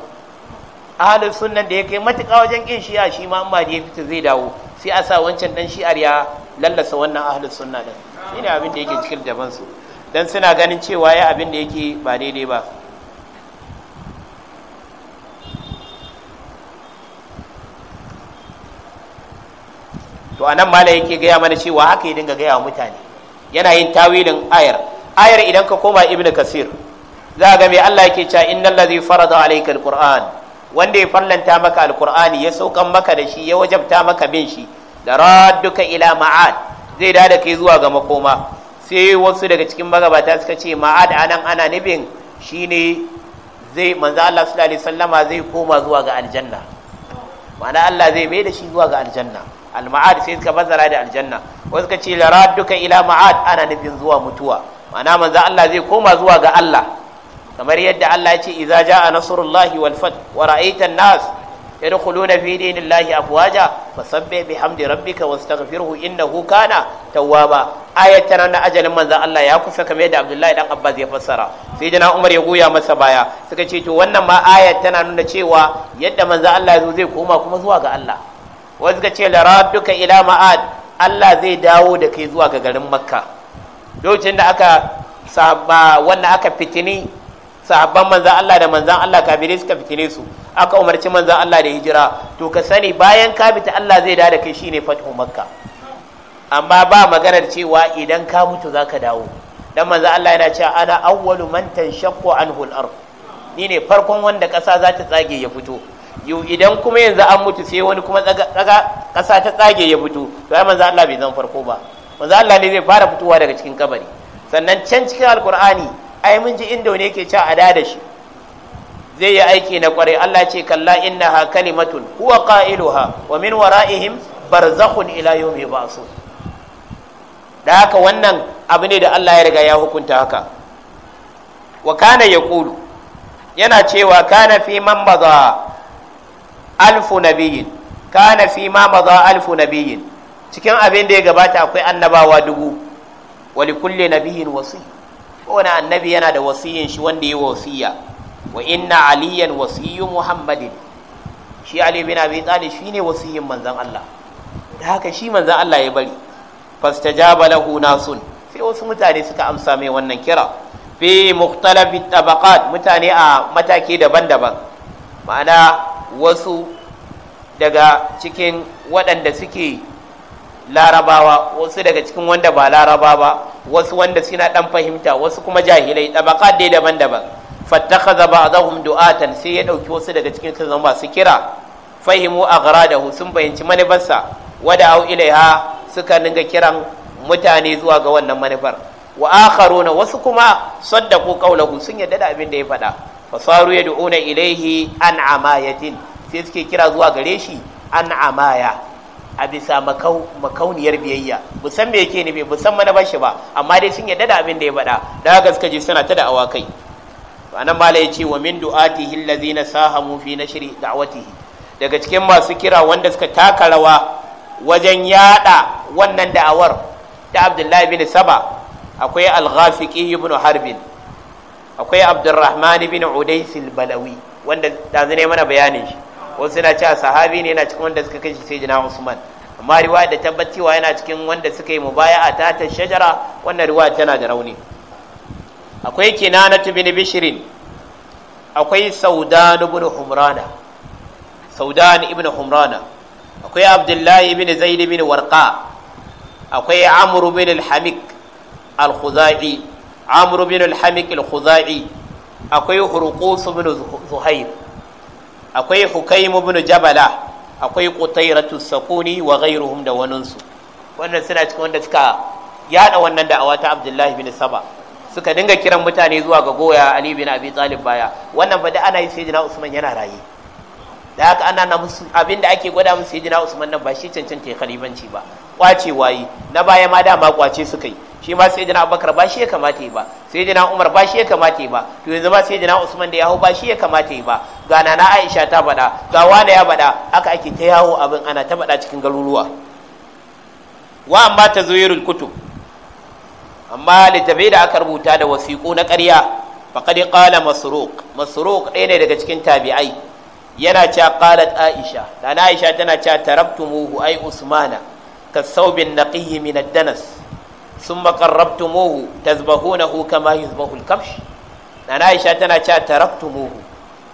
ahalin sunnan da ya kai matuƙa wajen ƙin shi'a shi ma amma da ya fita zai dawo sai a sa wancan dan shi'ar ya lallasa wannan ahalin sunna din shine abin da yake cikin daban su dan suna ganin cewa ya abin da yake ba daidai ba to anan malam yake gaya mana cewa haka ya dinga gaya wa mutane yana yin tawilin ayar ayar idan ka koma ibnu kasir za ga mai Allah yake cewa innal ladhi farada alayka alquran wanda ya farlanta maka alqur'ani ya saukan maka da shi ya wajabta maka bin shi da radduka ila ma'ad zai da kai zuwa ga makoma sai wasu daga cikin magabata suka ce ma'ad anan ana nufin shine zai manzo Allah sallallahu alaihi wasallama zai koma zuwa ga aljanna ma'ana Allah zai mai da shi zuwa ga aljanna al-ma'ad sai suka bazara da aljanna wasu ka ce laraduka ila ma'ad ana nufin zuwa mutuwa ma'ana manzo Allah zai koma zuwa ga Allah kamar yadda Allah ya ce idza jaa nasrullahi wal fath wa ra'aita an-nas yadkhuluna fi dinillahi afwaja fasabbih bihamdi rabbika wastaghfirhu innahu kana tawwaba ayat tana na ajalin manzo Allah ya kusa kamar yadda Abdullahi dan Abbas ya fassara sai na Umar ya goya masa baya suka ce to wannan ma ayat tana nuna cewa yadda manzo Allah ya zo zai koma kuma zuwa ga Allah wasu suka ce duka ila ma'ad Allah zai dawo da kai zuwa ga garin makka lokacin da aka sahaba wanda aka fitini sahabban manzan Allah da manzan Allah kafirai suka fitine su aka umarci manzan Allah da hijira to ka sani bayan ka fita Allah zai dawo da kai shine fathu makka amma ba maganar cewa idan ka mutu zaka dawo dan manzan Allah yana cewa ana awwalu man tanshaqqu anhu al-ard ni ne farkon wanda kasa za ta tsage ya fito yau idan kuma yanzu an mutu sai wani kuma ƙasa ta tsage ya fito to ai manzo Allah bai zan farko ba manzo Allah ne zai fara fitowa daga cikin kabari sannan can cikin alkur'ani ai mun ji inda wani yake cewa ada da shi zai yi aiki na kwarai Allah ce kalla innaha kalimatun huwa qailuha wa min wara'ihim barzakhun ila yawmi ba'su da haka wannan abu ne da Allah ya riga ya hukunta haka wa kana yaqulu yana cewa kana fi man baza alfu nabiyyin kana fi ma maza alfu nabiyin cikin abin da ya gabata akwai annabawa dubu wali kulle nabiyin wasi kowane annabi yana da wasiyin shi wanda ya wasiya wa inna aliyan wasiyu muhammadin shi ali bin abi talib ne wasiyin manzon Allah da haka shi manzon Allah ya bari fastajaba lahu nasun sai wasu mutane suka amsa mai wannan kira fi mukhtalafit tabaqat mutane a mataki daban-daban ma'ana wasu daga cikin waɗanda suke larabawa wasu daga cikin wanda ba laraba ba wasu wanda suna ɗan fahimta wasu kuma jahilai ɗabaƙa dai daban-daban a zahun du'atan sai ya ɗauki wasu daga cikin su zama su kira fahimu a gara da sun bayanci manufarsa wada au ilaiha suka ninga kiran mutane zuwa ga wannan manufar wa na wasu kuma saddaku qawlahu sun yadda da abin da ya faɗa fasaru yad'una ilaihi an amayatin sai suke kira zuwa gare shi an amaya a bisa makauniyar biyayya musan me yake nufi musamman na shi ba amma dai sun yadda da abin da ya baɗa da haka suka ji suna ta da awakai anan mala yace wa min du'atihi allazina sahamu fi nashri da'watihi daga cikin masu kira wanda suka taka rawa wajen yada wannan da'awar ta Abdullahi bin Saba akwai Al-Ghafiqi ibn Harbin akwai Abdurrahman ibn Udais al-Balawi wanda da zane mana bayanin shi wasu suna cewa sahabi ne yana cikin wanda suka kashe sayyidina Usman amma riwaya da tabbacewa yana cikin wanda suka yi mubaya'a ta ta shajara wannan riwaya tana da rauni akwai kinanatu bin bishrin akwai saudan ibn humrana saudan ibn humrana akwai abdullahi ibn zaid ibn warqa akwai amr ibn al-hamik al-khuzai amr ibn al-hamik al-khuzai akwai hurqus ibn zuhair akwai hukaim ibn jabala akwai qutairatu sakuni wa ghayruhum da wanansu. wannan suna cikin wanda suka yada wannan da'awa ta abdullahi bin saba suka dinga kiran mutane zuwa ga goya ali bin abi talib baya wannan fa da ana yi sayyidina usman yana raye da haka ana na musu abinda ake gwada musu sayyidina usman nan ba shi cancanta ya khalifanci ba kwace wayi na baya ma dama kwace suka yi shi ma sai jina abubakar ba shi ya kamata yi ba sai jina umar ba shi ya kamata yi ba to yanzu ma sai jina usman da yahu ba shi ya kamata yi ba ga nana aisha ta bada, ga wani ya bada aka ake ta yawo abin ana ta bada cikin garuruwa wa amma ta zuwirul rukutu amma littafi da aka rubuta da wasiƙu na ƙarya faƙad qala masruq masruq ɗaya ne daga cikin tabi'ai yana ca qalat aisha nana aisha tana cewa tarabtumuhu ai usmana kasaubin naqiyyi min ad-danas summa qarrabtumuhu tazbahunahu kama yuzbahu al-kabsh nana Aisha tana cewa taraktumuhu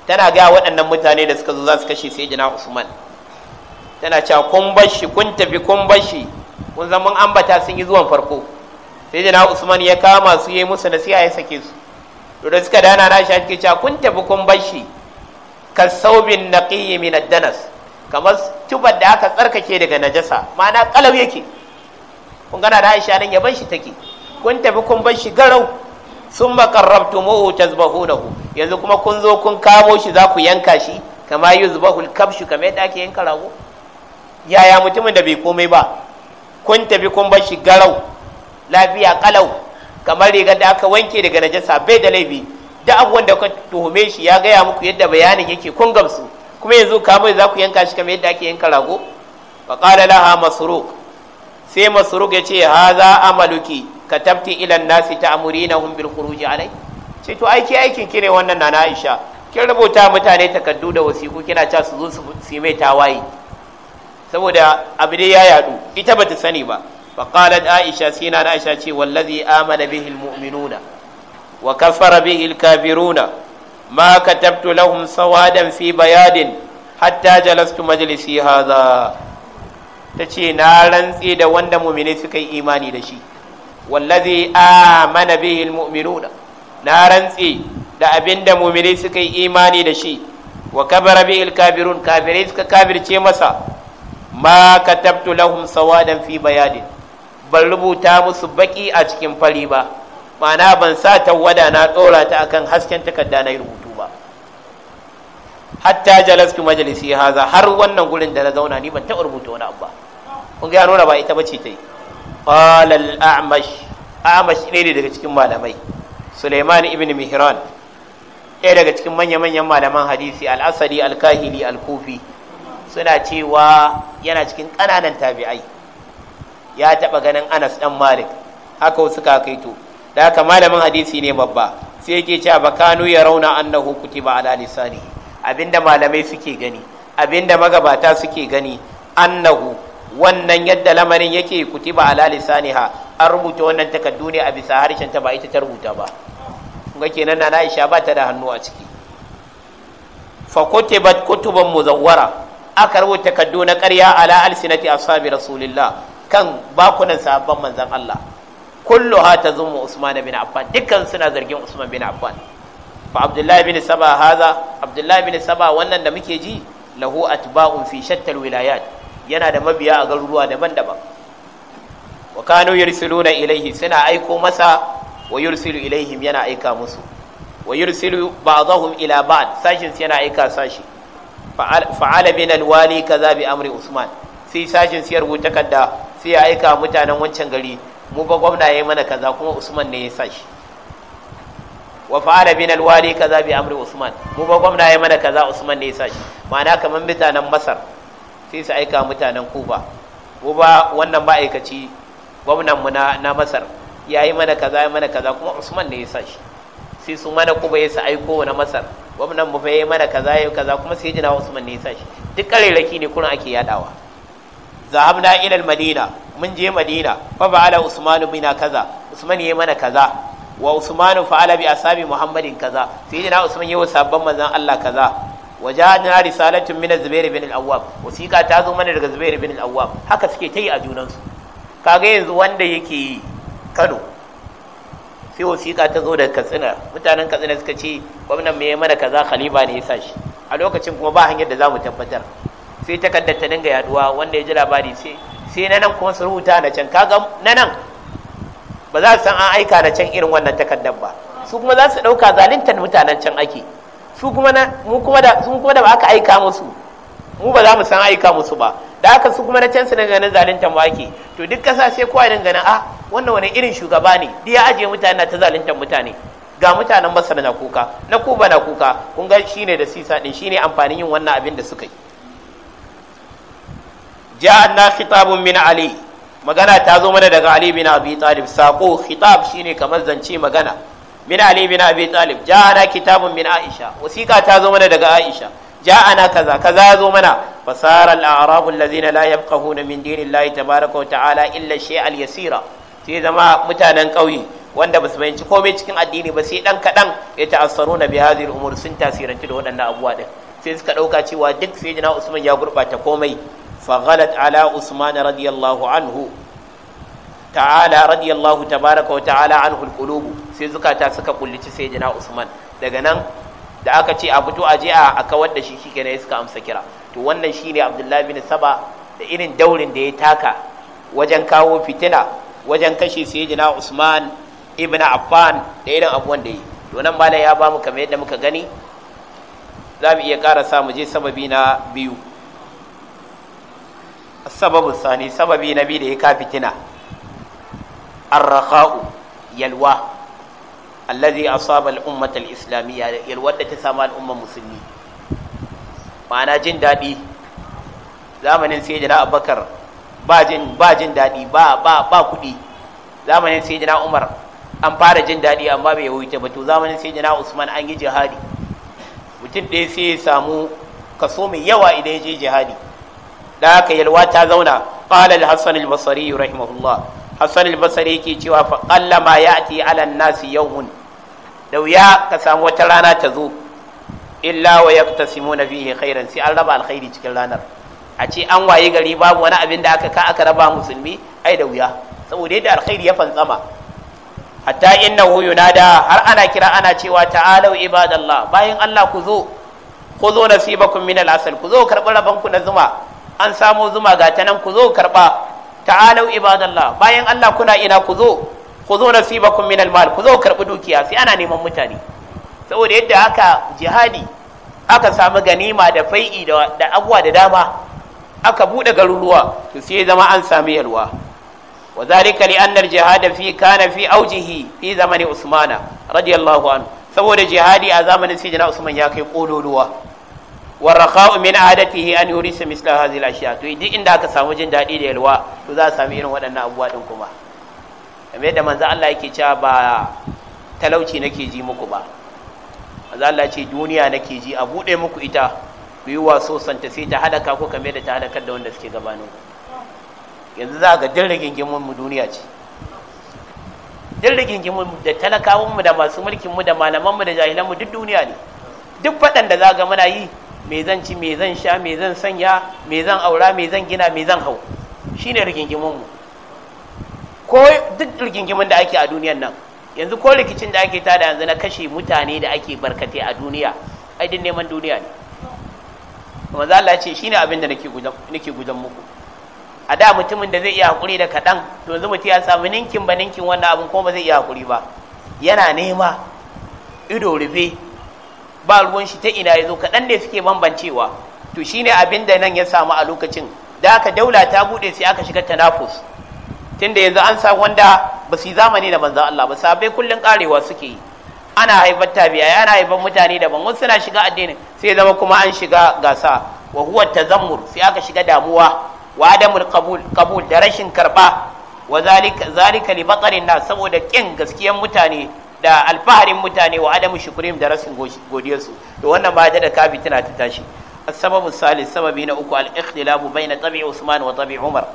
tana ga waɗannan mutane da suka zo za su kashe sayyidina Usman tana cewa kun bar shi kun tafi kun bar shi kun zama ambata sun yi zuwan farko sayyidina Usman ya kama su yayi musu nasiha ya sake su to da suka dana na Aisha take cewa kun tafi kun bar shi kasaubin naqiyyi min ad-danas kamar tubar da aka tsarkake daga najasa ma'ana kalau yake kun gana da aisha nan ya bar shi take kun tafi kun bar shi garau sun makarrabtu mu'u tazbahunahu yanzu kuma kun zo kun kamo shi za ku yanka shi kama yuzbahul kabshu kamar yadda ake yanka rago yaya mutumin da bai komai ba kun tafi kun bar shi garau lafiya kalau kamar rigar da aka wanke daga najasa bai da laifi da abubuwan da ka tuhume shi ya gaya muku yadda bayanin yake kun gamsu kuma yanzu kamo za ku yanka shi kamar yadda ake yanka rago faqala laha masruq sai masaruk ya ce ha za a maluki ka tafti ilan nasi ta amuri na humbil kuruji alai ce aiki aikin kire wannan na na'isha kin rubuta mutane takardu da wasiku kina ca su zo su yi mai tawaye saboda Abdi dai ya yadu ita ba ta sani ba fa qalat aisha sina na'isha ce wallazi amana bihi muminuna. wa kafara bihi alkafiruna ma katabtu lahum sawadan fi bayadin hatta jalastu majlisi hadha ta ce na rantse da wanda mumine suka yi imani da shi wallazi amana bihi almu'minuna na rantse da abinda mumini suka yi imani da shi wa kabara bihi alkafirun kafirai suka kafirce masa ma katabtu lahum sawadan fi bayadin ban rubuta musu baki a cikin fari ba ma'ana ban sa tawada na dora ta akan hasken takarda na rubutu ba hatta jalastu majalisi haza har wannan gurin da na zauna ni ban taɓa rubuta wani abu ba kun ga nuna ba ita bace ta yi qalal a'mash a'mash ne daga cikin malamai Suleiman ibn Mihran ɗaya daga cikin manya-manyan malaman hadisi al-Asadi al-Kahili al-Kufi suna cewa yana cikin ƙananan tabi'ai ya taɓa ganin Anas ɗan Malik haka wasu to. da haka malamin hadisi ne babba sai yake cewa bakanu ya rauna annahu kutiba ala lisani abinda malamai suke gani abinda magabata suke gani annahu wannan yadda lamarin yake kutiba ala lisaniha an rubuta wannan takaddu ne a bisa harshen ta ba ita ta rubuta ba Kuma kenan na Aisha ba ta da hannu a ciki fa kutibat kutuban muzawwara aka rubuta takaddu na ƙarya ala alsinati ashabi rasulillah kan bakunan sahabban manzon Allah kulluha tazumu Usman bin Affan dukkan suna zargin Usman bin Affan fa Abdullahi bin Saba haza Abdullahi bin Saba wannan da muke ji lahu atba'un fi shattal wilayat yana da mabiya a garuruwa daban-daban wa kanu na ilaihi suna aiko masa wa yursilu ilaihim yana aika musu wa yursilu ba'dahum ila ba'd sashin yana aika sashi fa'ala bin alwali kaza bi amri usman sai sashin sai rubuta kadda sai ya aika mutanen wancan gari mu ba gwamna yayi mana kaza kuma usman ne ya sashi wa fa'ala bin alwali kaza bi amri usman mu ba gwamna yayi mana kaza usman ne ya sashi ma'ana kaman mutanen masar sai su aika mutanen Kuba. ko wannan ma'aikaci gwamnan mu na masar ya yi mana kaza ya mana kaza kuma usman ne ya sa shi sai su mana kuba ya sa aiko na masar gwamnan mu bai mana kaza ya kaza kuma sai jina usman ne ya sa shi duk kareraki ne kurin ake yadawa zahabna ila madina mun je madina fa ba'ala usman bina kaza usman ya mana kaza wa usman fa'ala bi asabi muhammadin kaza sai jina usman ya wa sabban manzon Allah kaza waja'atna risalatun min az-zubair bin al wasiƙa wasiqa ta zo mana daga zubair bin al haka suke ta yi a junansu kaga yanzu wanda yake Kano sai wasiqa ta zo daga Katsina mutanen Katsina suka ce gwamnan me mana kaza khalifa ne ya sa shi a lokacin kuma ba hanyar da zamu tabbatar sai takaddar ta dinga yaduwa wanda ya ji labari sai sai na nan kuma su rubuta na can kaga na nan ba za su san an aika na can irin wannan takaddar ba su kuma za su ɗauka zalunta mutanen can ake su kuma na mu kuma da sun kuma da ba aka aika musu mu ba za mu san aika musu ba da aka su kuma na can su dinga ganin zalunta mu ake to duk kasa sai kowa dinga ganin ah wannan wani irin shugaba ne da ya ajiye mutane na ta zalunta mutane ga mutanen masar na kuka na kuba na kuka kun ga shine da sisa din shine amfanin yin wannan abin da suka yi ja'an na khitabun min ali magana ta zo mana daga ali bin abi talib sako khitab shine kamar zance magana min ali bin abi talib ja'ana kitabun min aisha wasiqa ta zo mana daga aisha ja'ana kaza kaza zo mana fasara al-a'rabu allazina la yafqahuna min dinillahi tabaraka wa ta'ala illa al yasira sai zama mutanen kauye wanda ba su fahimci komai cikin addini ba sai dan kaɗan ya ta'assaru na bi hadhihi umur sun tasiranci da waɗannan abubuwa din sai suka ɗauka cewa duk sayyidina Usman ya gurɓata komai fa ghalat ala Usman radiyallahu anhu ta'ala radiyallahu tabaraka wa ta'ala anhu alqulubu sai zukata suka kullici sayyidina Usman daga nan da aka ce a fito a je a kawar da shi shikenan ya suka amsa kira to wannan shine Abdullahi bin Saba da irin daurin da ya taka wajen kawo fitina wajen kashe sayyidina Usman ibn Affan da irin abuwan da yi to nan malam ya ba mu kamar yadda muka gani za mu iya ƙara mu je sababi na biyu sababu sani sababi na biyu da ya ka fitina arrakha'u yalwa allazi asaba al al-islamiyya yalwa da ta samu al'ummar musulmi ma'ana jin daɗi zamanin sai abubakar ba jin ba jin daɗi ba ba ba kuɗi zamanin sai umar an fara jin daɗi amma bai wuce ba to zamanin sai usman an yi jihadi mutum ɗaya sai ya samu kaso mai yawa idan ya je jihadi da haka yalwa ta zauna qala al-hasan al-basri rahimahullah hassan albasari yake cewa fa qalla ma ya'ti alan nasi yawmun da wuya ka samu wata rana ta zo illa wa yaktasimuna fihi khairan sai an raba alkhairi cikin ranar a ce an waye gari babu wani abin da aka ka aka raba musulmi ai da wuya saboda yadda alkhairi ya fantsama hatta innahu yunada har ana kira ana cewa ta'alu ibadallah bayan Allah ku zo ku zo nasibakum min al-asal ku zo karɓi rabon ku na zuma an samo zuma ga ta nan ku zo karɓa ta'alau ibadallah bayan Allah kuna ina ku zo ku zo nasibakum minal mal ku zo karbi dukiya sai ana neman mutane saboda yadda aka jihadi aka samu ganima da fai'i da abuwa da dama aka buɗe garuruwa to sai zama an sami yalwa wa zalika li anna al-jihad fi kana fi fi zamani usmana radiyallahu anhu saboda jihadi a zamanin sayyidina usman ya kai kololuwa warraka min adatihi an yurisa misla hadhihi al-ashya to duk inda aka samu jin dadi da yalwa to za a samu irin waɗannan abubuwa din kuma kamar yadda manzo Allah yake cewa ba talauci nake ji muku ba manzo Allah ce duniya nake ji a buɗe muku ita ku yi waso santa sai ta hadaka ko kamar da ta hadakar da wanda suke gabanin yanzu za ga din rigingimin mu duniya ce din rigingimin mu da talakawun mu da masu mulkin mu da malaman mu da jahilan mu duk duniya ne duk faɗan da za ga muna yi me zan ci me zan sha me zan sanya me zan aura me zan gina me zan hau shine rigingimin mu ko duk rigingimin da ake a duniyan nan yanzu ko rikicin da ake tada yanzu na kashe mutane da ake barkate a duniya ai din neman duniya ne za Allah ce shine abin da nake gudan nake gudan muku a da mutumin da zai iya hakuri da kadan to yanzu mutum ya samu ninkin ba ninkin wannan abin ko ba zai iya hakuri ba yana nema ido rufe ba ruwan shi ta ina ya zo kaɗan ne suke bambancewa to shine abin da nan ya samu a lokacin da aka daula ta buɗe sai aka shiga tanafus tunda yanzu an sa wanda ba su yi zamani da manzan Allah ba sabai kullum karewa suke yi ana haifar tabiya ana haifar mutane daban wasu suna shiga addinin sai zama kuma an shiga gasa wa huwa tazammur sai aka shiga damuwa wa adamul qabul qabul da rashin karba wa zalika zalika li nas saboda kin gaskiyar mutane da alfaharin mutane wa adamu shukurim da rasin godiyarsu to wannan ma da ka tana ta tashi sababu salis sababi na uku al-ikhtilafu bayna tabi'i usman wa tabi umar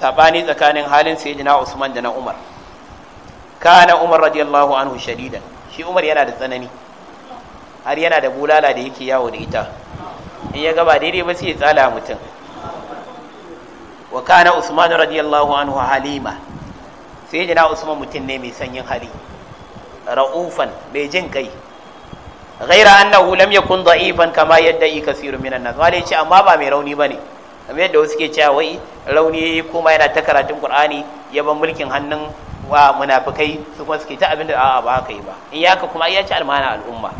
sabani tsakanin halin sayyidina usman da na umar kana umar radiyallahu anhu shadidan shi umar yana da tsanani har yana da bulala da yake yawo da ita in ya gaba daidai ba sai ya tsala mutum wa kana usman radiyallahu anhu halima sayyidina usman mutum ne mai sanyin hali ra'ufan mai jin kai ghaira annahu lam yakun da'ifan kama yi kasirun minan nas wale ce amma ba mai rauni bane kamar yadda wasu ke cewa wai rauni kuma yana ta karatun qur'ani ya ban mulkin hannun wa munafikai su kuma suke ta abin a'a ba haka yi ba in yaka kuma ya ci almana al'umma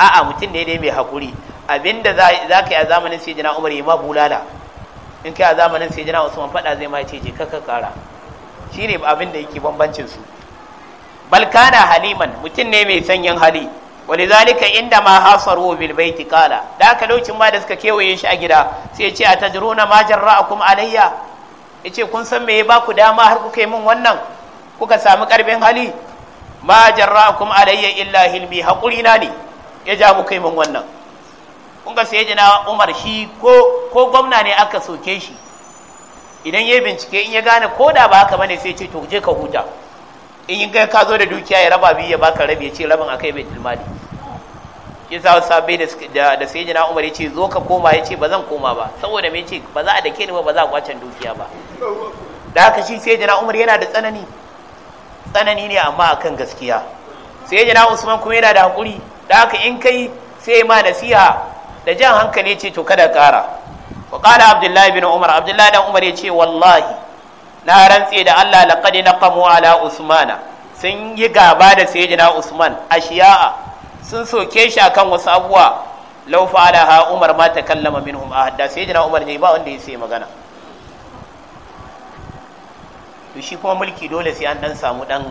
a'a mutum ne dai mai hakuri abinda za yi a zamanin sayyidina umar ya ma bulala in kai a zamanin sayyidina usman fada zai ma ce je kaka kara shine abin da yake bambancin su bal kana haliman mutum ne mai sanyin hali walizalika inda ma hasaru bil baiti qala da aka lokacin ma da suka kewaye shi a gida sai ya ce atajruna ma jarra'akum alayya yace kun san me ya ba dama har kuka yi min wannan kuka samu karbin hali ma jarra'akum alayya illa hilmi haƙuri na ne ya ja mu kai min wannan kun ga sai jina Umar shi ko ko gwamna ne aka soke shi idan ya bincike in ya gane ko da ba haka bane sai ce to je ka huta in yi ka zo da dukiya ya raba biyu ya baka rabi ya ce rabin akai bai tilmali shi sa sabai da da sai jina umar ya ce zo ka koma ya ce ba zan koma ba saboda me ce ba za a da ni ba ba za a kwacen dukiya ba da haka shi sai jina umar yana da tsanani tsanani ne amma akan gaskiya sai jina usman kuma yana da hakuri da haka in kai sai ma nasiha da jan hankali ce to kada kara wa qala abdullahi bin umar abdullahi dan umar ya ce wallahi na rantse da Allah laqad naqamu ala usmana sun yi gaba da sayyidina usman ashiya'a sun soke shi akan wasu abuwa law fa'alaha umar ma takallama minhum ahadda sayyidina umar ne ba wanda ya sai magana to shi kuma mulki dole sai an dan samu dan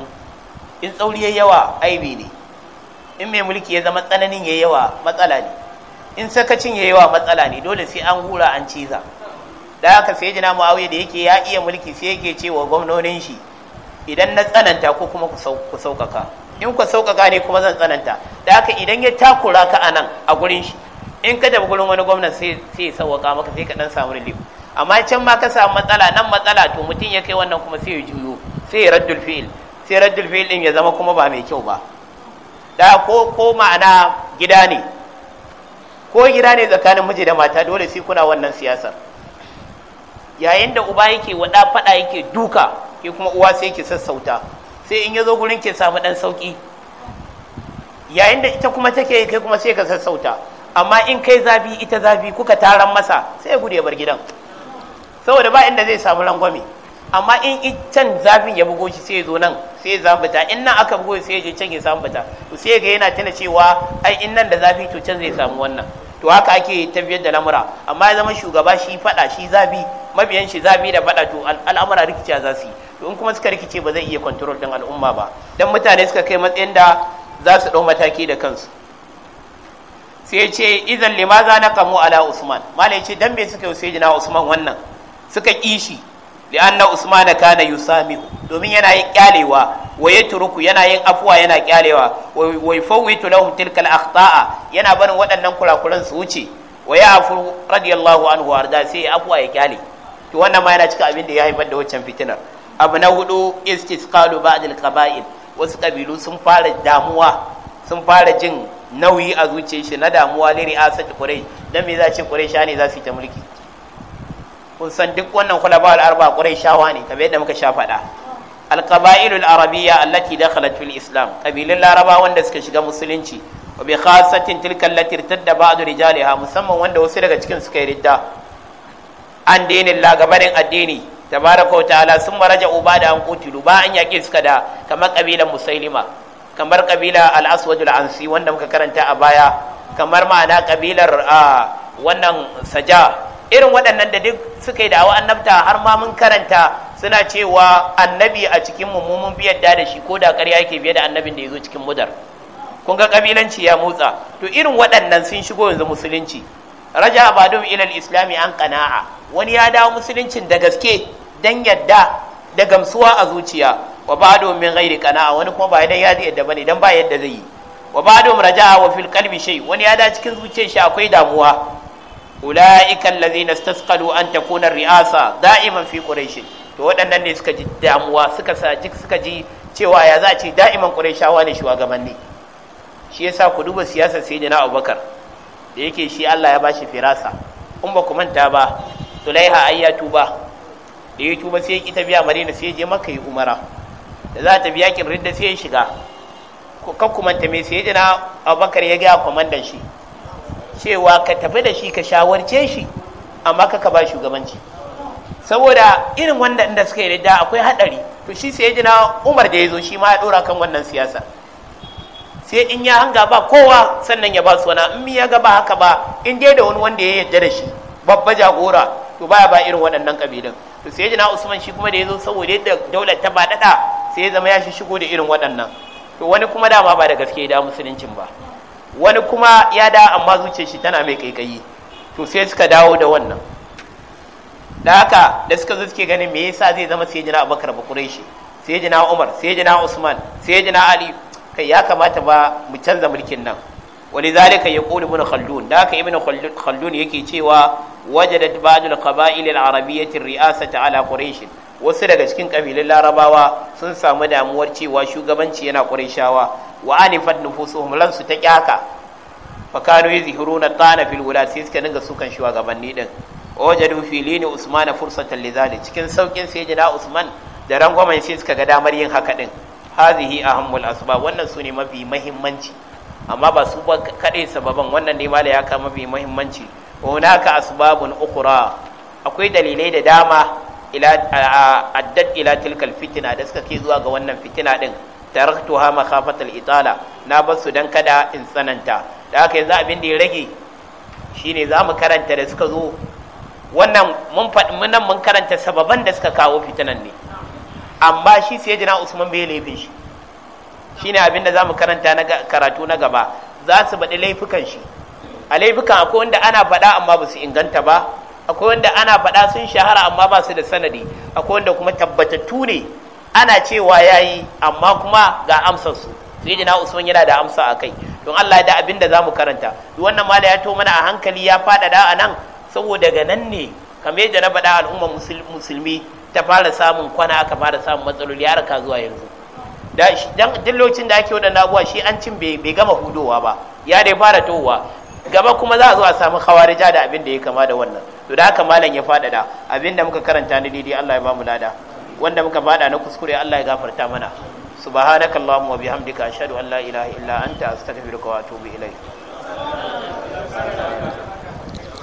in tsauri yayi yawa aibi ne in mai mulki ya zama tsananin yayi yawa matsala ne in sakacin yayi yawa matsala ne dole sai an hura an ciza da aka sai jina muawiya da yake ya iya mulki sai yake cewa gwamnonin shi idan na tsananta ko kuma ku sauƙaƙa in ku sauƙaƙa ne kuma zan tsananta da aka idan ya takura ka a nan a gurin shi in ka tafi gurin wani gwamnan sai sai sauƙaƙa maka sai ka dan samu rilif amma can ma ka samu matsala nan matsala to mutum ya kai wannan kuma sai ya juyo sai ya raddul fi'il sai raddul fi'il din ya zama kuma ba mai kyau ba da ko ko ma'ana gida ne ko gida ne tsakanin miji da mata dole sai kuna wannan siyasar yayin da uba yake wada fada yake duka ke kuma uwa sai yake sassauta sai in ya zo gurin ke samu dan sauki yayin da ita kuma take kai kuma sai ka sassauta amma in kai zafi, ita zafi kuka taran masa sai ya gudu ya bar gidan saboda ba inda zai samu rangwame amma in can zafin ya bugo shi sai ya zo nan sai ya zafi fita. in nan aka bugo sai ya je can ya samu fita to sai ga yana tana cewa ai in nan da zafi to can zai samu wannan to haka ake tafiyar da lamura amma ya zama shugaba shi fada shi zabi mabiyan shi zabi da fada to al'amura rikice za su yi to in kuma suka rikice ba zai iya control din al'umma ba dan mutane suka kai matsayin da za su dau mataki da kansu sai ya ce idan limaza na kamu ala usman malai ce dan me suka yi sai usman wannan suka kishi li'anna usman kana yusamihu domin yana yin kyalewa wa yatruku yana yin afwa yana kyalewa wa yufawwitu lahu tilka al-akhta'a yana barin waɗannan kurakuran su wuce wa ya'fu radiyallahu anhu arda sai afwa ya kyale to wannan ma yana cika abin da ya haifar da waccan fitinar abu na hudu istisqalu ba'd al-qaba'il wasu kabilu sun fara damuwa sun fara jin nauyi a zuciyar shi na damuwa liri asat quraish dan me za ce quraish ne za su yi ta mulki kun san duk wannan khulafa al-arba shawa ne kamar yadda muka sha faɗa al-qaba'il al-arabiyya allati da fil islam qabilun laraba wanda suka shiga musulunci wa bi khasatin tilka allati irtadda ba'd rijaliha musamman wanda wasu daga cikin suka yi ridda an dinin la gabanin addini tabaraka wa ta'ala sun maraja uba da an kutilu ba an yaƙi suka da kamar kabilan musailima kamar ƙabila al-aswadul ansi wanda muka karanta a baya kamar ma'ana kabilar ah, wannan saja irin waɗannan da duk suka yi da'awa annabta har ma mun karanta suna cewa annabi a cikin mummumin biyar da shi ko da ƙarya yake biye da annabin da ya zo cikin mudar kun ga kabilanci ya motsa to irin waɗannan sun shigo yanzu musulunci raja abadum ilal islami an kana'a wani ya dawo musuluncin da gaske dan yadda da gamsuwa a zuciya wa ba'du min ghairi ƙana'a wani kuma ba idan ya yadda bane dan ba yadda zai yi wa ba'du raja'a wa fil qalbi shay wani ya da cikin zuciyar shi akwai damuwa ulaika allazina istasqalu an takuna ri'asa da'iman fi quraish to waɗannan ne suka ji damuwa suka saji suka ji cewa ya za a ce da'iman quraishawa ne shugabanni shi yasa ku duba siyasar sayyidina abubakar da yake shi Allah ya bashi firasa in ba ku manta ba tulaiha ya tuba da ya tuba sai ya kita biya madina sai ya je maka yi umara da za ta biya kin ridda sai ya shiga kan ku manta me sai ya abubakar ya gaya kwamandan shi cewa ka tafi da shi ka shawarce shi amma ka ba shugabanci saboda irin wanda inda suka yi da akwai hadari to shi sai jina umar da ya zo shi ma ya dora kan wannan siyasa sai in ya hanga ba kowa sannan ya ba su wani in ya gaba haka ba in dai da wani wanda ya yarda da shi babba jagora to baya ba irin waɗannan kabilan to sai jina usman shi kuma da ya zo saboda yadda daular ta ba daɗa sai ya zama ya shi shigo da irin waɗannan to wani kuma dama ba da gaske da musuluncin ba wani kuma ya da amma zuciya shi tana mai kaikayi to sai suka dawo da wannan da haka da suka zo suke ganin me yasa zai zama sai jina abubakar ba shi? sai jina umar sai jina usman sai jina ali kai ya kamata ba mu canza mulkin nan ولذلك يقول ابن خلدون ذاك yake cewa يكي badul وجدت بعض القبائل العربية ri'asata Ala قريش wasu daga cikin kabilun larabawa sun samu damuwar cewa shugabanci yana ƙurishawa wa anifat nufusuhum lansu ta kyaka fa kanu yuzhiruna tana fil wala sai suka dinga sukan shugabanni din wajadu filini usman fursatan lidhalik cikin saukin sai jina usman da rangwamen sai suka ga damar yin haka din hazihi ahammul asbab wannan su ne mafi muhimmanci amma ba su ba kaɗai sababan wannan ne mala ya kama bi muhimmanci hunaka asbabun ukhra akwai dalilai da dama ila addad ila tilkal fitina da suka ke zuwa ga wannan fitina din taraktuha makhafatal itala na bar su dan kada in tsananta da haka yanzu abin da ya rage shine mu karanta da suka zo wannan mun faɗi nan mun karanta sababan da suka kawo fitinan ne amma shi sai jina usman bai laifin shi shine abinda mu karanta na karatu na gaba za su baɗi laifukan shi a laifukan akwai wanda ana faɗa amma ba su inganta ba akwai wanda ana faɗa sun shahara amma ba su da sanadi akwai wanda kuma tabbatattu ne ana cewa ya yi amma kuma ga amsar su sai usman yana da amsa a kai don Allah da abin da zamu karanta wannan mala ya to mana a hankali ya faɗaɗa a nan saboda ga nan ne kamar yadda na faɗa al'ummar musulmi ta fara samun kwana aka fara samun matsaloli har ka zuwa yanzu da duk da ake waɗannan abuwa shi an cin bai gama hudowa ba ya dai fara tohuwa gaba kuma za a zo a samu khawarija da abin da ya kama da wannan to da haka malam ya faɗaɗa abin da muka karanta ni daidai Allah ya ba mu lada wanda muka faɗa na kuskure Allah ya gafarta mana subhanakallahumma wa bihamdika ashhadu an la ilaha illa anta astaghfiruka wa atubu ilayk